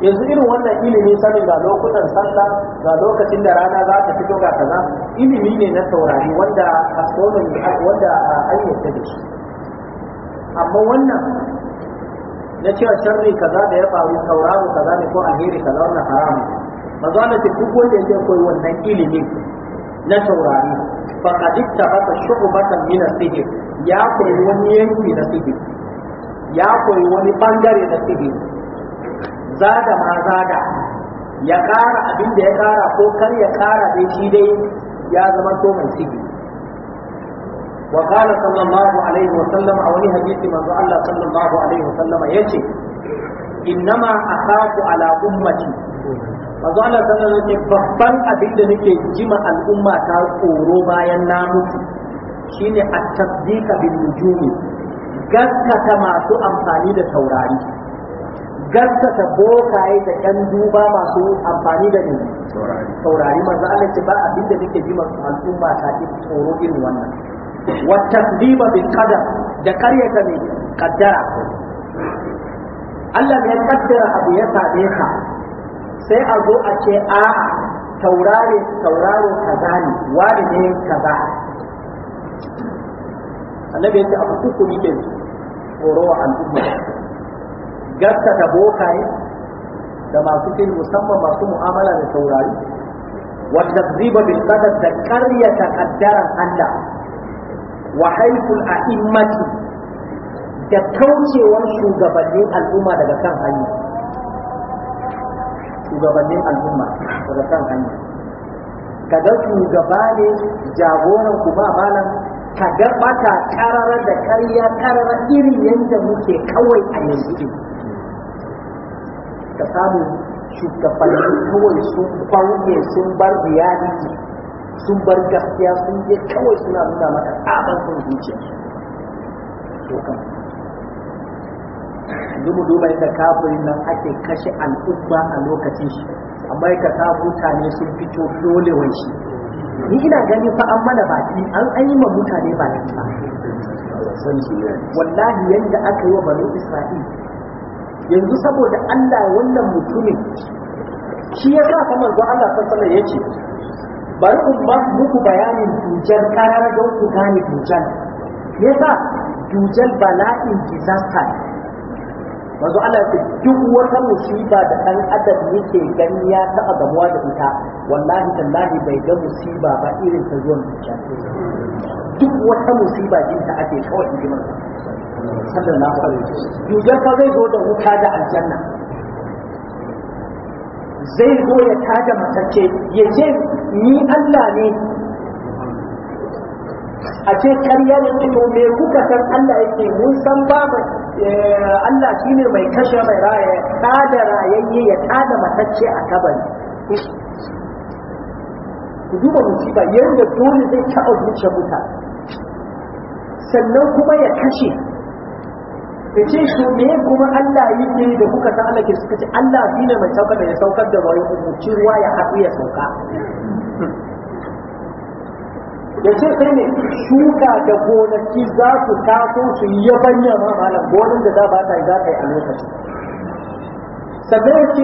yanzu irin wannan ilimi sanin ga lokutan sallah ga lokacin da rana za ta fito ga kaza ilimi ne na taurari wanda astronomy wanda ayyuka da shi amma wannan na cewa sharri kaza da ya faru tauraro kaza ne ko alheri kaza wannan haramun manzo Allah duk wanda ya koyi wannan ilimin na taurari ta ittabata shu'batan min as Sihir. ya koyi wani yanki na sihir ya koyi wani bangare na sihir Zada ma zada. ya kara abin da ya kara ko kar ya kara dai shi dai ya zama to mai sihir وقال صلى الله عليه وسلم أو حديث من الله صلى الله عليه وسلم يجي إنما أخاف على أمتي manzo Allah sallallahu alaihi wasallam babban abin da nake jima al'umma ta tsoro bayan na mutu shine at-tasdiqa bil nujumi gaskata masu amfani da taurari gaskata bokaye da ƴan duba masu amfani da ne taurari manzo Allah ce ba abin da nake jima al'umma ta tsoro irin wannan wa tasdiqa bil qadar da karyata ne kaddara Allah ya kaddara abu ya same ka sai a zo a ce a'a taurari tauraro kaza ne wani ne kaza annabi yace abu uku ne ke tsoro wa al'umma gaskata da bokaye da masu kai musamman masu mu'amala da taurari wa ziba bil qadar da qaryata qaddaran Allah wa haiful a'immati da kaucewar shugabannin al'umma daga kan hanya shugabannin al'umma daga kan hanya ka ga shugaba ne jagoran ku ba malam ka ga bata karara da karya karara irin yadda muke kawai a yanzu ka samu shugabannin kawai sun kwanke sun bar reality sun bar gaskiya sun je kawai suna nuna maka abin sun zuciya to dubu duba yadda kafirin nan ake kashe al'umma a lokacin shi amma ka sa mutane sun fito dolewar shi ni ina gani fa an mana baki an an yi ma mutane ba ba wallahi yadda aka yi wa bani isra'il yanzu saboda Allah wannan mutumin shi ya sa kamar manzo Allah sallallahu ya yace bari in ba muku bayanin tujar karar don ku gane ya yasa tujar bala'in disaster manzo Allah ce duk wata musiba da ɗan adam yake gani ya taɓa gamuwa da ita wallahi tallahi bai ga musiba ba irin ta zuwa zuciya duk wata musiba din ta ake kawai in ji manzo na alaihi wasallam yujar fa zai zo da wuta da aljanna zai zo ya tada matacce ya ce ni Allah ne a ce karya ne to me kuka san Allah yake mun san babu Eh, Allah shine mai kashe mai raya ya tada rayayye ya tada matacce a kabari ku duba musiba yadda dole zai ta azuce mutane sannan kuma ya kashe Ka ce shi me kuma Allah yi ne da kuka san Allah ke suka ce Allah shine mai saukar da ya saukar da ruwa ya umarci ruwa ya haɗu ya sauka ya ce sai ne shuka da gonaki za su taso su yi yabanya ma malam gonin da za ba ta yi za ta yi a lokaci sannan ya ce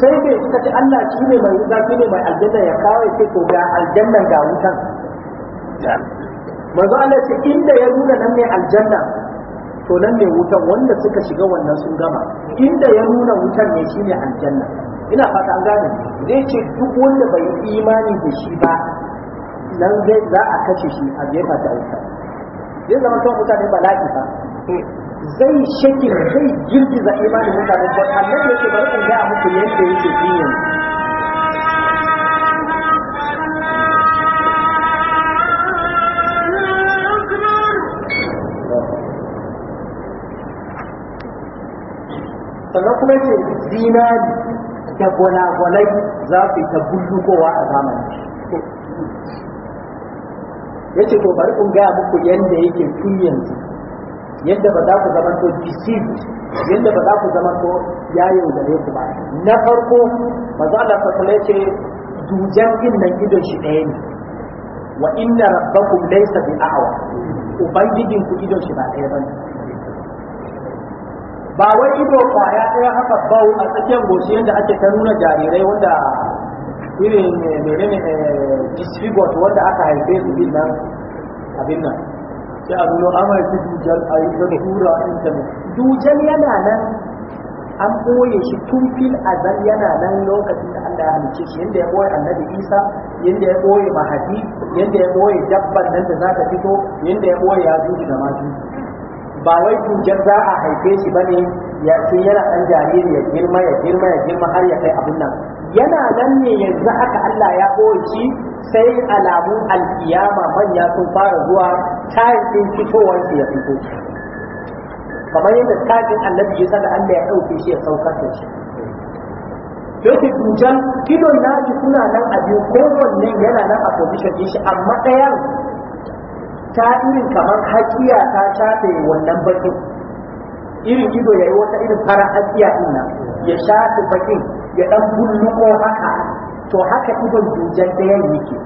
sai ne suka ce Allah shi ne mai wuta shi ne mai aljanna ya kawai ce to ga aljanna ga wutan manzo Allah ce inda ya nuna nan ne aljanna to nan ne wutan wanda suka shiga wannan sun gama inda ya nuna wutan ne shi ne aljanna ina fata an gane zai ce duk wanda bai imani da shi ba nan zai za a kashe shi a jefa da aika zai zama kan mutane bala'i ba zai shakin zai girgiza imanin mutane ba annabi yake bari in ga muku yadda yake jiyan sannan kuma ce zinari da gwanagwanai za su yi ta bullukowa a zamanin yace to bari in gaya muku yadda yake tun yanzu yadda ba za ku zama to deceived yadda ba za ku zama to ya yaudare ku ba na farko maza a fasala ce dujan din nan idon shi ɗaya ne wa inna rabbakum laysa bi a'wa ubangijin ku idon shi ba ɗaya bane ba wai ido kwaya ɗaya haka bau a tsakiyar goshi yadda ake ta nuna jarirai wanda irin eh, menene eh, wanda aka haife su bin nan abin nan sai a an haifi dujal a yi tura intanet dujal yana nan an ɓoye shi tun fil azal yana nan lokacin da Allah ya halice shi yadda ya ɓoye annabi Isa yadda ya ɓoye mahadi yadda ya ɓoye dabban nan da za ta fito yadda ya ɓoye ya zuci da maju ba wai dujal za a haife shi ba ne ya ce yana ɗan jariri ya girma ya girma ya girma har ya kai abin nan yana nan ne yanzu aka Allah ya ɓoye shi sai alamun alkiyama manya sun fara zuwa tayin ɗin fitowar su ya fito kamar yadda kafin annabi ya saka Allah ya ɗauke shi ya saukar da shi yake tucan kidon naji suna nan a biyu kowanne yana nan a position din shi amma ɗaya ta irin kamar hakiya ta shafe wannan bakin irin ido ya yi wata irin fara hakiya din nan ya shafe bakin ya dan bulluko haka to haka idon dujan ɗayan yake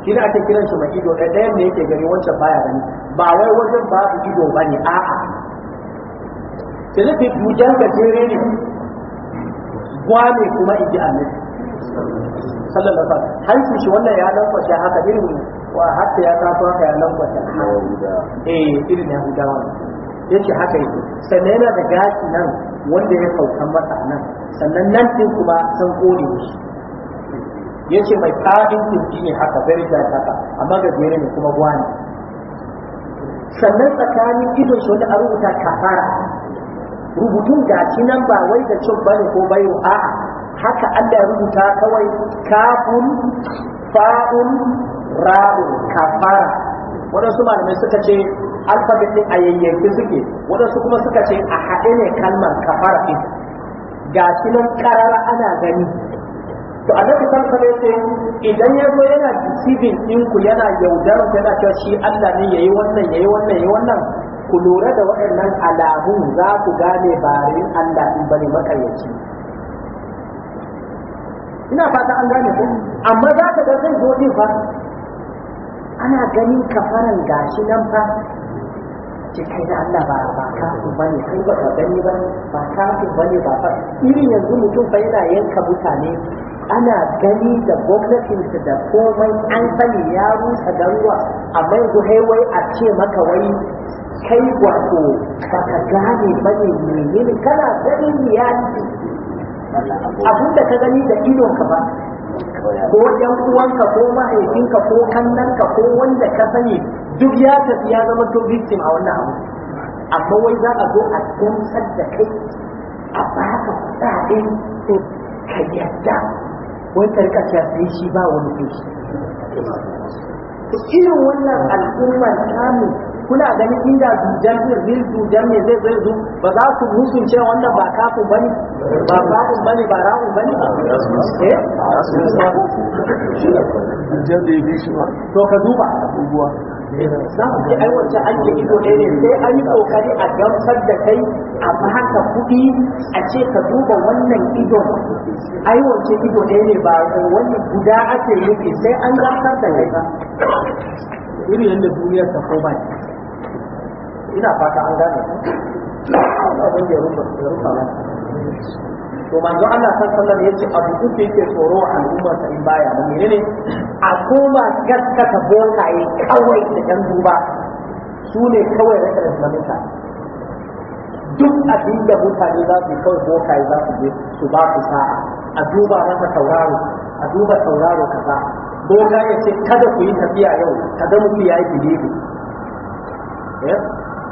Kina ake kiran shi mai ido ɗayan ne yake gani wancan baya gani ba wai wajen ba su ido ba ne a'a sai nufi dujan jere ne gwane kuma in ji annabi sallallahu alaihi wasallam hancin shi wannan ya lambata haka irin wa hatta ya taso haka ya lambata eh irin ya hudawa ne yace haka yake sannan yana da gashi nan wanda ya saukan masa nan sannan nan din kuma san kone shi yace mai fadin kirji ne haka "Bari haka amma ga gere ne kuma gwani sannan tsakanin ido shi wanda a rubuta kafara rubutun gashi nan ba wai da cin bane ko bayo a'a haka Allah rubuta kawai kafun fa'un ra'un kafara waɗansu malamai suka ce alfabet ɗin a yayyanki suke waɗansu kuma suka ce a haɗe ne kalmar kafara ɗin ga shi nan karara ana gani to annabi sallallahu alaihi wasallam idan ya zo yana deceiving din ku yana yaudar ku yana cewa shi Allah ne yayi wannan yayi wannan yayi wannan ku lura da waɗannan alamun za ku gane ba rin Allah din bane makayyaci ina fata an gane ku amma za ka ga zai zo ɗin fa ana ganin kafaran gashi nan fa ce kai da Allah ba ba kafin bane kai ba gani ba ba ka kafin ne ba irin yanzu mutum fa yana yanka mutane ana gani da gwamnatinsa da komai an sani ya rusa garuwa amma yanzu wai a ce maka wai kai wato ka gane ba bane menene kana ganin reality abin da ka gani da ka ba ko ɗan uwanka ko mahaifinka ko kannanka ko wanda ka sani duk ya tafi ya zama to victim a wannan abu amma wai za a zo a gamsar da kai a baka kuɗaɗe ka yadda wai karka ta sai shi ba wani kai irin wannan al'ummar kamun kuna ganin inda dujan bil dujan ne zai zai zu ba za ku musun ce wannan ba kafin bane ba kafin bane ba rawun bane eh? da shi ba to ka duba abubuwa za ku ce ai an ido ɗaya ne sai an yi kokari a gamsar da kai a haka kuɗi a ce ka duba wannan idon ai ido ɗaya ne ba wani guda ake nufi sai an gamsar da kai ba irin yadda duniyar ta koma ina fata an gane abin da ya rufa mana to manzo Allah sallallahu alaihi yace abu uku yake tsoro a al'ummar sa in baya mu menene a koma gaskata bokaye kawai da dan duba su ne kawai rasa da duk abin da mutane za su kawai bokaye za su je su ba su sa'a a duba masa tauraro a duba tauraro kaza boka ya ce kada ku yi tafiya yau kada muku yayi bilibi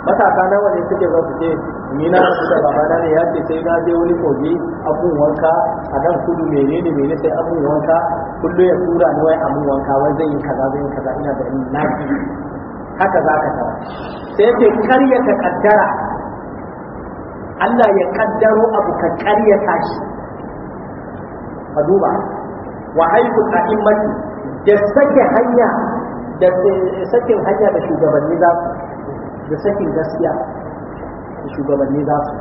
matasa na wani suke za su ce ni na su da babana ne ya ce sai na je wani kogi abun wanka a nan kudu menene ne sai abun wanka kullum ya tura ni wai abun wanka wai zan yi kaza zan yi kaza ina da ni na ji haka za ka tara sai ce karya ka kaddara Allah ya kaddaro abu ka karya tashi ka duba wa haifu imani da sake hanya da sakin hanya da shugabanni za su da sakin gaskiya da shugabanni za su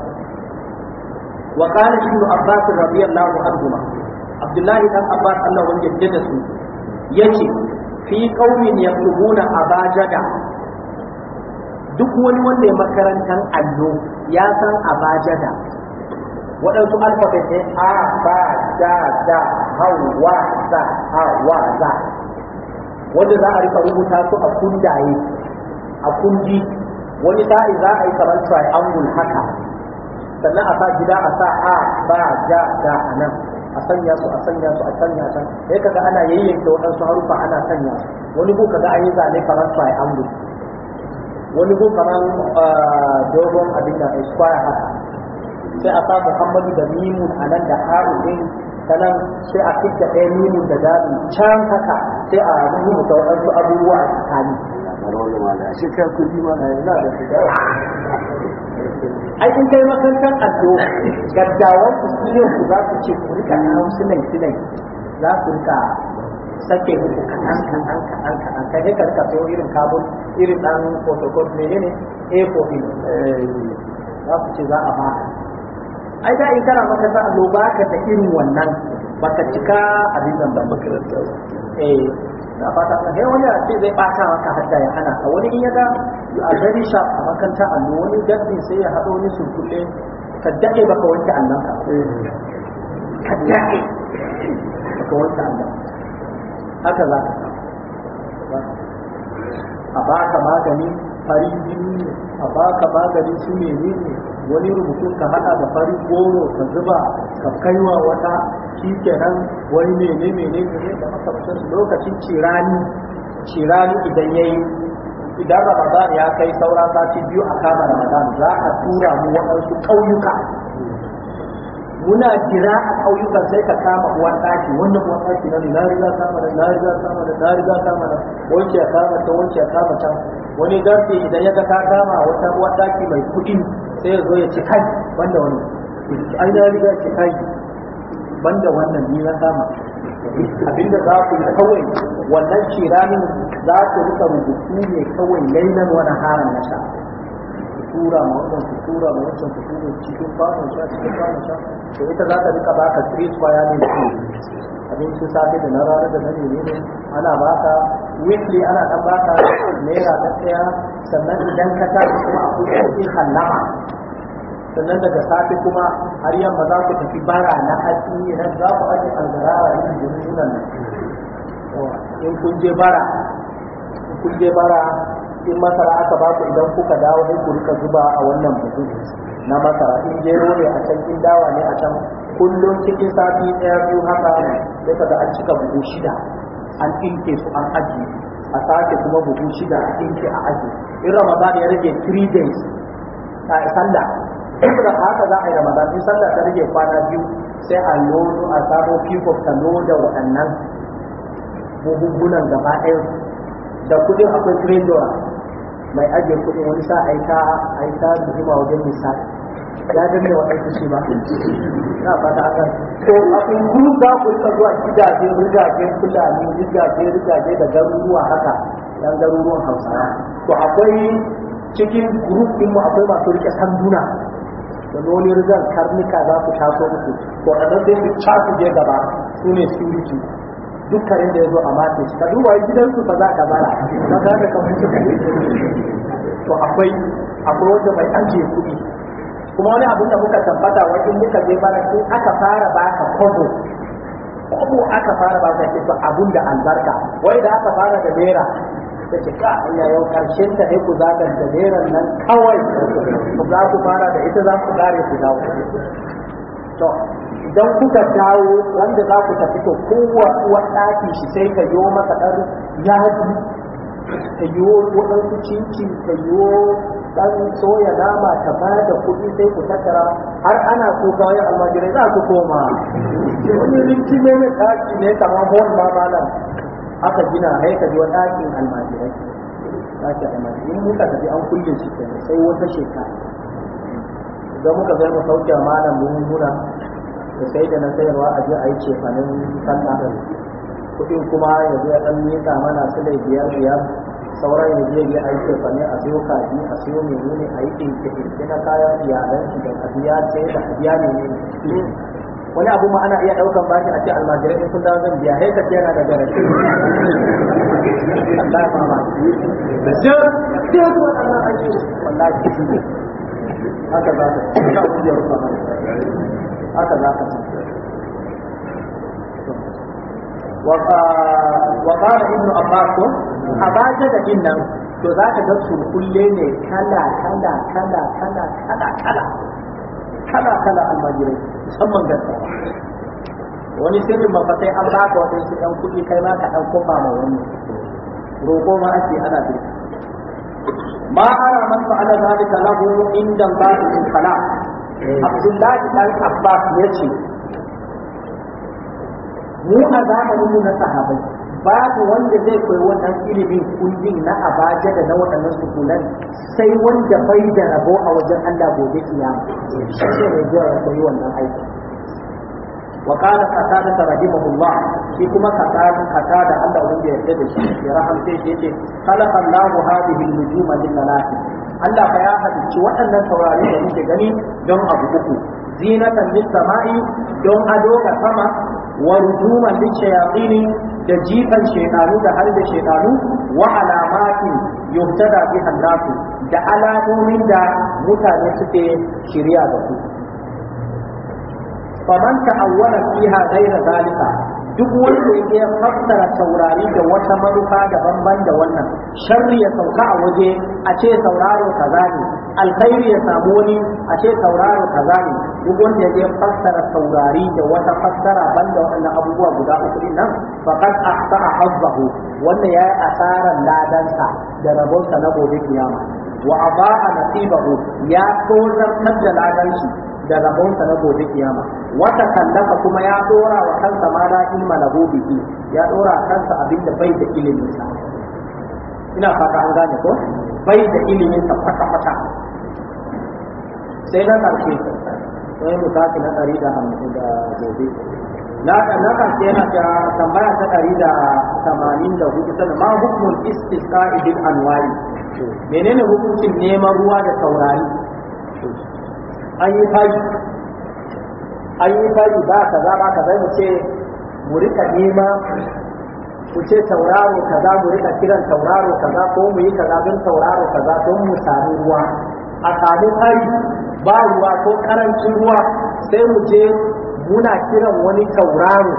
wa qala ibnu abbas radiyallahu anhu abdullahi dan abbas Allah wanda jaddada su yace fi qaumin yatlubuna abajada duk wani wanda ya makarantar allo ya san abajada waɗansu alfabet ne a ba da da hawa da hawa da wanda za a rika rubuta su a kundaye a kundi wani sa'i za a yi kamar triangle haka sannan a sa gida a sa a ba ja ga a nan a sanya su a sanya su a sanya su sai kaga ana yayyanke waɗansu harufa ana sanya su wani ko kaga an yi zane kamar triangle wani ko kamar ah, dogon abin da square haka sai a sa muhammadu da mimu a nan da din sannan sai a fitta ɗaya mimu da dadi? can haka sai a rubuta waɗansu abubuwa a tsakani wani mala shi ka kudi ma yana da shiga ai in kai makarantar addo gaddawan ku su ku za ku ce ku rika kawo silai silai za ku rika sake muku kaɗan kaɗan kaɗan kaɗan ka je karka sayo irin kabon irin ɗan photocopy a4 eh, za ku ce za a baka ai da in kana makaranta allo baka irin wannan baka cika abin nan da makaranta eh na fata sai wani a ce zai bata maka hadda ya hana ka wani in ya ga a very sharp a makanta allo wani gaddin sai ya haɗo wani surkulle ka daɗe baka wanke allon ka ka daɗe baka wanke allon haka za ka a baka magani fari biyu ne a baka magani su ne ne wani rubutu ka hada da fari goro ka zuba ka kaiwa wata shi kenan wani mene mene ne da da lokacin cirani cirani idan yayi idan ramadan ya kai saura sati biyu a kama ramadan za a tura mu waɗansu ƙauyuka muna jira a ƙauyukan sai ka kama uwar ɗaki wannan uwar ɗaki na ne na riga kama da na riga kama da na riga kama da wance ya kama ta wance ya kama ta wani garfe idan ya ga ta kama wata uwar ɗaki mai kuɗi sai ya zo ya ci kai banda wannan an na riga ci kai banda wannan ni na samu abinda za ku yi kawai wannan ciranin za ku rika rubutu ne kawai lailan wani haram na sha tura ma wannan su tura ma su tura cikin kwano sha cikin kwano sha to ita za ta rika baka three da kuma abincin safe da na rana da na ne ne ana baka weekly ana dan baka naira na tsaya sannan idan ka a kuma akwai kuɗin hallama sannan daga safe kuma har yamma za ku tafi bara na hatsi na za ku aje a yin jirgin nan in kun je bara kun je bara in masara aka ba ku idan kuka dawo ne ku rika zuba a wannan buhu na masara in gero ne a can in dawa ne a can kullum cikin sati ɗaya biyu haka sai kaga an cika buhu shida an tinke su an aji. a sake kuma buhu shida a tinke a aji. in ramadan ya rage 3 days a sallah in da haka za a yi ramadan in sallah ta rage kwana biyu sai a lodo a samo people ta loda waɗannan buhunan gaba ɗaya da kudin akwai trillion mai ajiye kuɗin wani sa aika aika muhimma wajen nisa ya danne wa aiki shi ba na fata kan. to a kungun za ku yi zuwa gidaje rigaje fulani rigaje rigaje da garuruwa haka dan garuruwan hausawa to akwai cikin grup din mu akwai masu rike sanduna da noli rigar karnika za ku taso musu ko a nan sai su je gaba su ne security dukkanin da ya zo a mace shi ka duba wai gidansu ba za ka bara ba za ka kamar cikin to akwai akwai wanda mai ajiye kuɗi kuma wani abin da muka tabbata wajen muka je mana sai aka fara baka kwabo kwabo aka fara baka ce ba abun da albarka wai da aka fara da naira ta ce ka ina yau karshen ta ne ku zagar da nairan nan kawai za ku fara da ita za ku kare ku dawo to idan kuka dawo wanda za ku tafi to kowa uwar ɗaki shi sai ka yo masa ɗan yaji ka yo waɗansu cincin, ka yo ɗan soya nama ta ba da kuɗi sai ku tattara har ana so ga wani almajirai za ku koma wani rinki mai ɗaki ne kamar hon ma malam aka gina hai ka ji ɗakin almajirai ɗakin almajirai in muka tafi an kulle shi kenan sai wata shekara idan muka zai mu sauke malam mun muna da sai da na sayarwa a je a yi cefanin ɗan kuɗin kuma ya ya ɗan miƙa mana su da biyar biyar sauran ya yi a yi cefane a siyo kaji a siyo menene a yi ɗinke ɗinke na kayan iyalan shi da abiya sai da abiya menene wani abu ma ana iya ɗaukan bashi a ce almajirai in sun dawo zan biya sai yana da garanti Allah ya da shi sai ya wallahi haka za haka za ka ci wa qala ibnu abbas ko abaja da din nan to za ka ga kulle ne kala kala kala kala kala kala kala kala almajirai musamman gaskiya wani sirrin mafatai an ba ka wadansu ɗan kuɗi kai ma ka ɗan kofa ma wani roƙo ma ake ana birka ma ana man fa'ala zalika lahu inda Allah in kala abdullahi dan abbas ya ce mu a zamanin mu na sahabai babu wanda zai koyi wannan ilimin kullum na abaja da na waɗannan sukulan sai wanda bai da rabo a wajen Allah gobe kiyama shi ne zai koyi wannan aiki وقال قتادة رحمه الله في كما قتادة قتادة الله ولي يهدد في رحم سيشيتي خلق الله هذه النجوم للمناسك الله فيا حدث وأن التواريخ يمكن جني دون أبوكو زينة للسماء دون أدوك سما ورجوما للشياطين تجيبا شيطانو كهرب شيطانو وعلامات يهتدى بها الناس da alamomin da mutane suke shirya da su faman ta'awwala fiha ghayra zalika duk wanda ya fassara taurari da wata manufa daban-ban da wannan sharri ya sauka a waje a ce sauraro kaza ne alkhairi ya samu wani a ce sauraro kaza ne duk wanda ya fassara taurari da wata fassara ban da waɗannan abubuwa guda uku din nan faqad ahsa'a hazzahu wanda ya yi asaran ladansa da rabonsa na gobe kiyama wa aba'a nasibahu ya tozar da ladanci da rabonsa na gobe kiyama wata kallaka kuma ya dora wa kansa ma la ilma lahu bihi ya dora kansa abin da bai da ilimin sa ina fata an gane ko bai da ilimin sa fata kwata sai na karshe sai mu tafi na ɗari da hamsin da gobe na karshe yana da tambaya ta ɗari da tamanin da hudu sana ma hukumul istisqa bil anwari menene hukuncin neman ruwa da saurari? an yi fari an yi fari ba kaza ba kaza mu ce mu rika nema mu ce tauraro kaza mu rika kiran tauraro kaza ko mu yi kaza don tauraro kaza don mu sami ruwa a samu hari ba ruwa ko karancin ruwa sai mu je muna kiran wani tauraro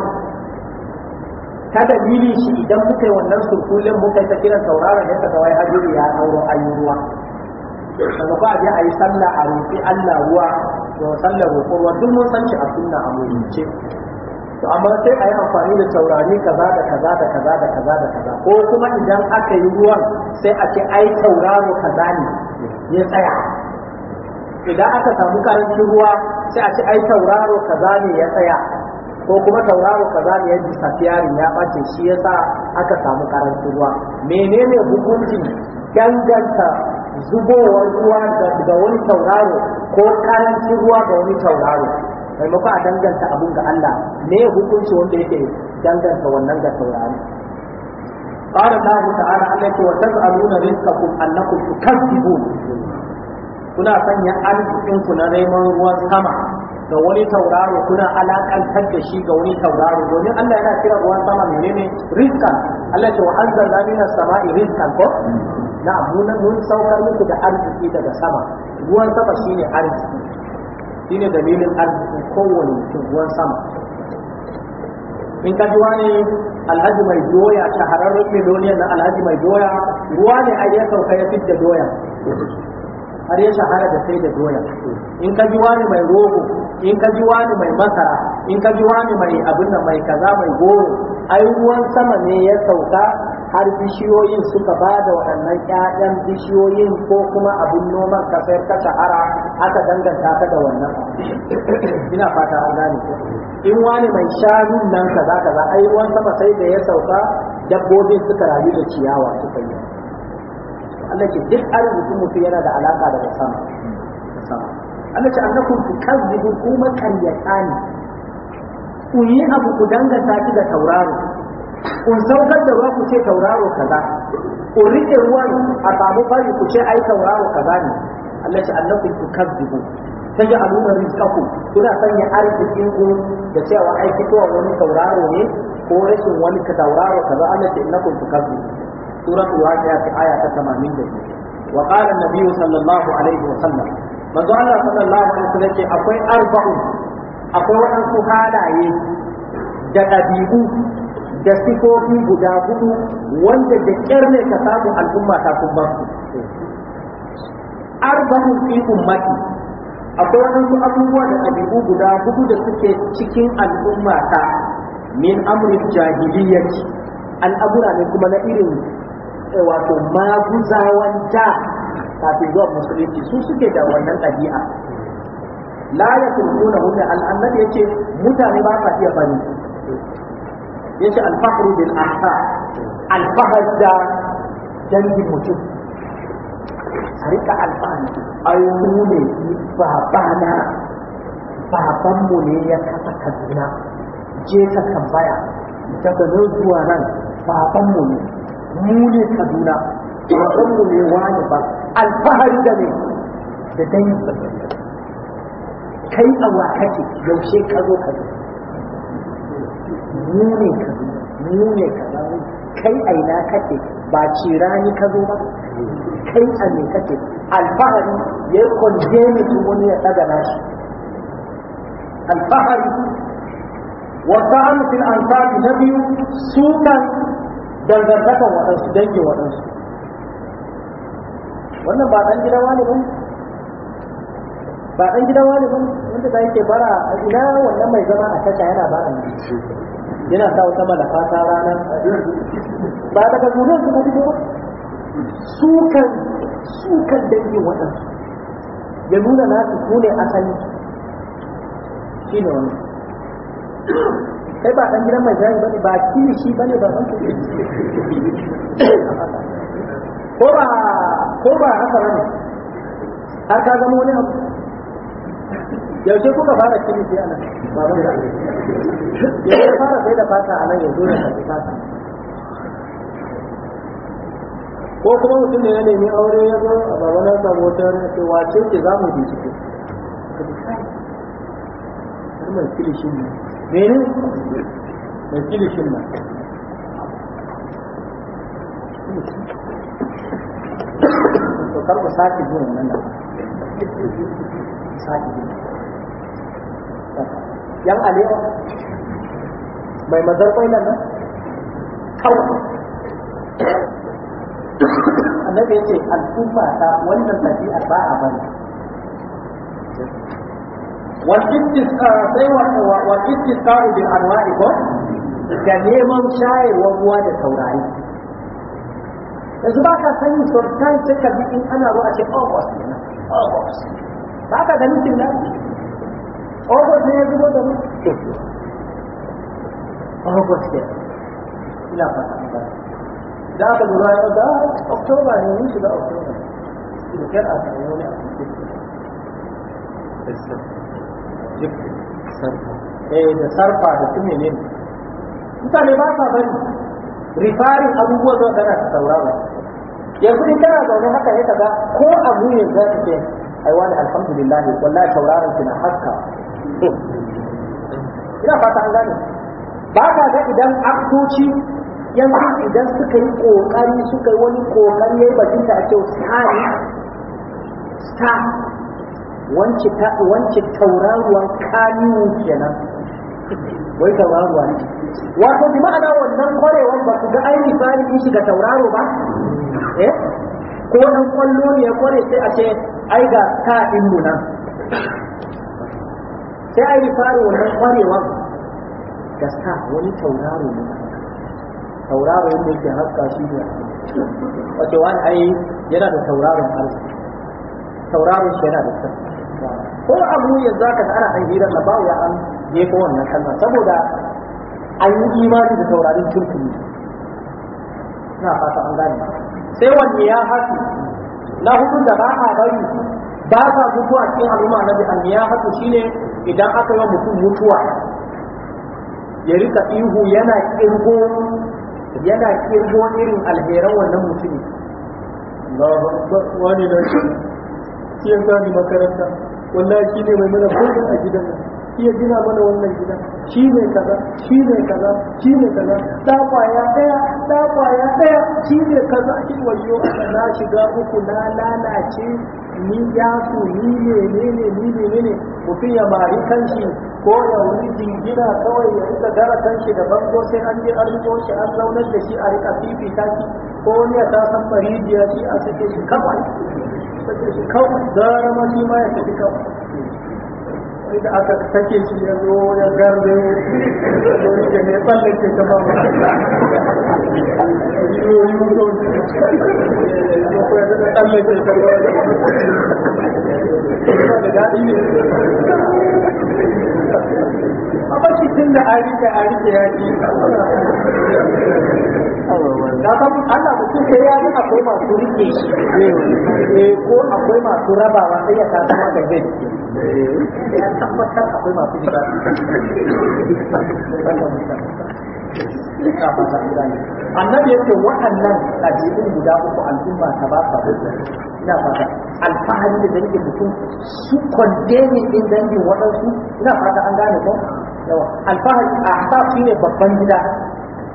ta dalilin shi idan muka yi wannan surkulin muka yi ta kiran tauraro ne ta kawai hajjuri ya ɗauro ayyuruwa ruwa kuma ba je a yi sallah a rufe Allah ruwa da sallah roƙo duk mun san shi a sunna a mulince to amma sai a yi amfani da taurari kaza da kaza da kaza da kaza da kaza ko kuma idan aka yi ruwan sai a ce ai tauraro kaza ne ya tsaya idan aka samu karancin ruwa sai a ce ai tauraro kaza ne ya tsaya ko kuma tauraro kaza ne ya safiyarin ya bace shi yasa aka samu karancin ruwa menene hukuncin danganta zubowar ruwa daga wani tauraro ko karancin ruwa ga wani tauraro maimakon a danganta abun ga Allah me hukunci wanda yake danganta wannan ga tauraro قال الله تعالى عليك وتسألون رزقكم أنكم تكذبون kuna sanya arzikinku na neman ruwan sama ga wani tauraro kuna alakantar da shi ga wani tauraro domin Allah yana kira ruwan sama menene rizqan Allah ce wa anzalna minas sama'i rizqan ko na mun saukar muku da arziki daga sama ruwan sama shine arziki shine dalilin arzikin kowane mutum ruwan sama in ka ji wani alhaji mai doya shahararren miliyoniya na alhaji mai doya ruwa ne a iya sauka ya fit da doya har ya shahara da sai da doya in ka ji wani mai rogo in ka ji wani mai masara in ka ji wani mai abin da mai kaza mai goro ai ruwan sama ne ya sauka har bishiyoyin suka ba da waɗannan ƴaƴan bishiyoyin ko kuma abin noman ka sayar ka shahara aka danganta ka da wannan ina fata an gane in wani mai shanun nan kaza kaza ai ruwan sama sai da ya sauka dabbobin suka rayu da ciyawa suka yi Allah ce duk arzikin mutum yana da alaka da sama sama Allah ce ku tukazzibu kuma kan ne ku yi abu ku danganta ki da tauraro kun saukar da ruwa ku ce tauraro kaza ku rike ruwan a samu fari ku ce ai tauraro kaza ne Allah ce Allah ku tukazzibu ta ji al'ummar rizqaku kuna sanya arzikin ku da cewa ai fitowa wani tauraro ne ko rashin wani ka tauraro kaza Allah ce ku tukazzibu suratul waqi'a ta aya ta 82 wa qala an-nabiy sallallahu alaihi wa sallam manzo Allah sallallahu alaihi wa sallam ce akwai arba'u akwai waɗansu halaye da dabi'u da sifofi guda hudu wanda da kyar ne ka samu al'umma ta kuma Arba'in fi ummati akwai wadansu abubuwa da abubu guda hudu da suke cikin al'umma ta min amrin jahiliyyati al'amura ne kuma na irin eh, wato maguzawan da kafin zuwa musulunci su suke da wannan ɗabi'a la yakun hudu hunna al'annabi ce mutane ba sa iya bani yace al-fakhru bil ahsa alfahar da dangin mutum sarika al-fahr ai mu babana babanmu ne ya kasa kaduna je ka tambaya daga nan zuwa nan babanmu ne mu kaduna babanmu ne wani ba al da ne da dangin kai a wa kake yaushe ka zo ka zo mu ne ka mu ne ka kai aina kake ba cirani ka zo ba kai a me kake alfahari ya yi kwanjeni wani ya daga nashi alfahari wata amfin amfani na biyu sukan dangantaka waɗansu dangin waɗansu wannan ba ɗan gidan wani bane ba ɗan gidan wani bane wanda za ke bara a ina wannan mai zama a tasha yana bara ne yana sa wata malafa ta rana ba daga zuriyar su mutu ba sukan sukan dangin waɗansu ya nuna nasu su ne asali shi ne wani kai ba ɗan gidan mai jari bane ba kiri shi bane ba ɗan ko ba ko ba haka bane har ka zama wani abu yaushe kuka fara kiri sai anan baban da yaushe fara sai da fata a nan yanzu da tafi fata ko kuma mutum ne ya nemi aure ya zo a babban na samu wata ce wace ke za mu bincike kilishin ne mene mai kilishin nan to sa'ibi yan alewa mai mazar kwailan nan kawai annabi ya ce al'umma ta wannan tafiya ba a bane والاتسار بالانواع ga neman shayarwar ruwa da saurayi. yanzu ba ka sani sultan suka bi in ana ruwa ce august ne august ba ka ganin cin lafi ogos ne ya zubo da mu ogos ke ina fata ba da aka lura ya ga oktoba ne mun shiga oktoba ne kyar a kan wani a Eh da sarfa da su ne. mutane ba sa bari rifarin abubuwa zuwa tana ta saurara yanzu in kana zaune haka ne ka ga ko abu ne za ta ce ai wani alhamdulillah wallahi tauraron ki na haska ina fata an gane ba ka ga idan aktoci yanzu idan suka yi kokari suka yi wani kokari yayi bakin ta a ce star star wance ta wance tauraruwan kaniwu kenan wai tauraruwa ne wato bi ma'ana wannan kwarewar ba su ga aini misali shi ga tauraro ba eh ko dan kwallo ne ya kware sai a ce ai ga ka mu nan sai ai yi faru wannan kwarewa gaska wani tauraro ne tauraro yadda yake haska shi ne wace wani ai yana da tauraron arziki tauraron shi yana da sa ko abu yanzu aka ana an hira na bawa an jefo wannan kalma saboda an yi imani da taurarin turkuni na fata an gane sai wanne ya haku na hudu da ba a bari ba sa mutuwa cikin al'umma na bi'anniya haka shine idan aka yi mutum mutuwa ya rika ihu yana kirgo yana kirgo irin alheran wannan mutumin wani na shi ya sani makaranta wallahi shi ne mai mana kudin a gidan Iya ya gina mana wannan gida shi ne kaza shi ne kaza shi ne kaza ta kwaya daya ta kwaya daya shi ne kaza shi wayo na shiga uku na lalace ni su ni ne ne ne ni ne ne mutum ya mari kanshi ko ya wuri jingina kawai ya rika gara kanshi da bango sai an je an riko shi an zaunar da shi a rika fifita shi ko wani ya ta san marijiya shi a sake shi kawai sake shi kawai gara ma shi ma ya tafi kawai sai da aka sake shi ya zo ya garbe ne ta ba ta ba da daɗi ne a bashi tun da a rike a rike na san Allah mutum sai ya ji akwai masu rike shi eh, ko akwai masu rabawa sai ya ta sama da zai eh, ya tabbatar akwai masu shiga annabi yake waɗannan ɗabi'un guda uku al'umma ta ba sa ina fata alfahari da dangin mutum su kwandemin ɗin dangin waɗansu ina fata an gane ko yawa alfahari a hasa shi ne babban gida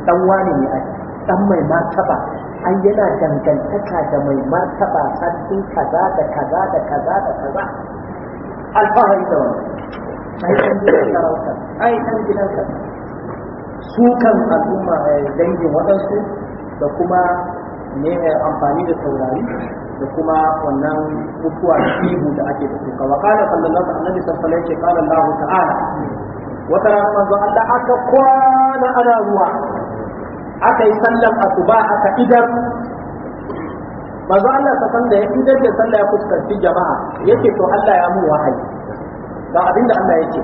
ɗan wane ne ake dan mai martaba an yana dangantaka da mai martaba sarki kaza da kaza da kaza da kaza alfahari da wani ai gidan ai dan su kan al'umma eh, dangin waɗansu da kuma ne eh, amfani da saurari da kuma wannan mutuwa ihu da ake da suka wa kana sallallahu alaihi wasallam yake kana Allah ta'ala wata ran manzo Allah aka kwana ana ruwa aka yi sallar asuba aka idar manzo Allah ta san da ya idar da sallah ya fuskanci jama'a yake to Allah ya mun wahayi ga abin da Allah yake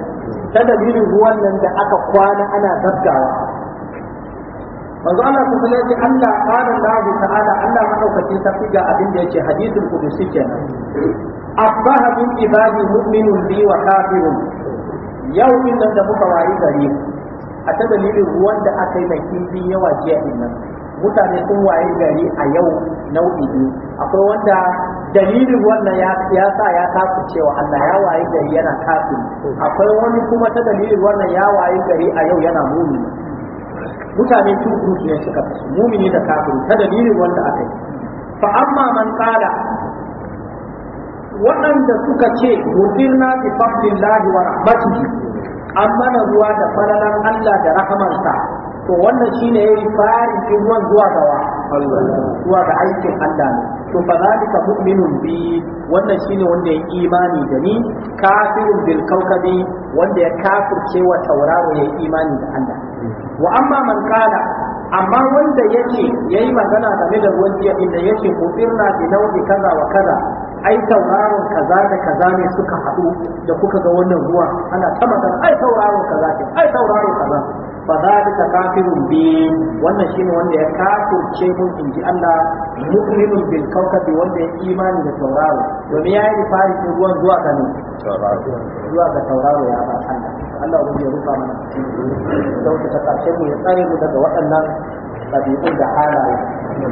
ta dalilin ruwan nan da aka kwana ana gaggawa manzo Allah ta san yake Allah qala Allah ta'ala Allah madaukaki ta ga abin da yake hadithul qudusi kenan asbaha min ibadi mu'minun bi wa kafirun yau inda da muka wayi gari a ta dalilin ruwan da aka yi mai kimbin yawa jiya din nan mutane sun waye gari a yau nau'i biyu akwai wanda dalilin wannan ya sa ya kasu cewa Allah ya waye gari yana kasu akwai wani kuma ta dalilin wannan ya waye gari a yau yana mutane tun ne suka kasu mumini da kafin ta dalilin wanda aka yi fa amma man qala waɗanda suka ce mutirna bi fadlillahi wa rahmatihi an mana ruwa da falalan Allah da rahamarsa to wannan shine yayi fari ruwan zuwa ga wa zuwa ga aikin Allah ne to fa zalika mu'minun bi wannan shine wanda ya imani da ni kafirun bil kawkabi wanda ya kafirce wa tauraro ya imani da Allah wa amma man kana amma wanda yake yayi magana game da ruwan jiya inda yake kufirna bi nau'i kaza wa kaza ai tauraron kaza da kaza ne suka haɗu da kuka ga wannan ruwa ana ta magana ai tauraron kaza ce ai tauraron kaza fa zalika kafirun bi wannan shine wanda ya kafirce mun ji Allah mu'minun bil kawkabi wanda ya imani da tauraro domin yayi rifari ko ruwan zuwa ga ne zuwa ga tauraro ya ba Allah Allah ubangi ya rufa mana sauka ta kashe mu ya tsare mu daga waɗannan ɗabi'un da halaye Na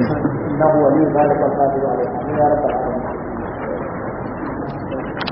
innahu waliyyu zalika al-qadiru alayhi ya rabbal alamin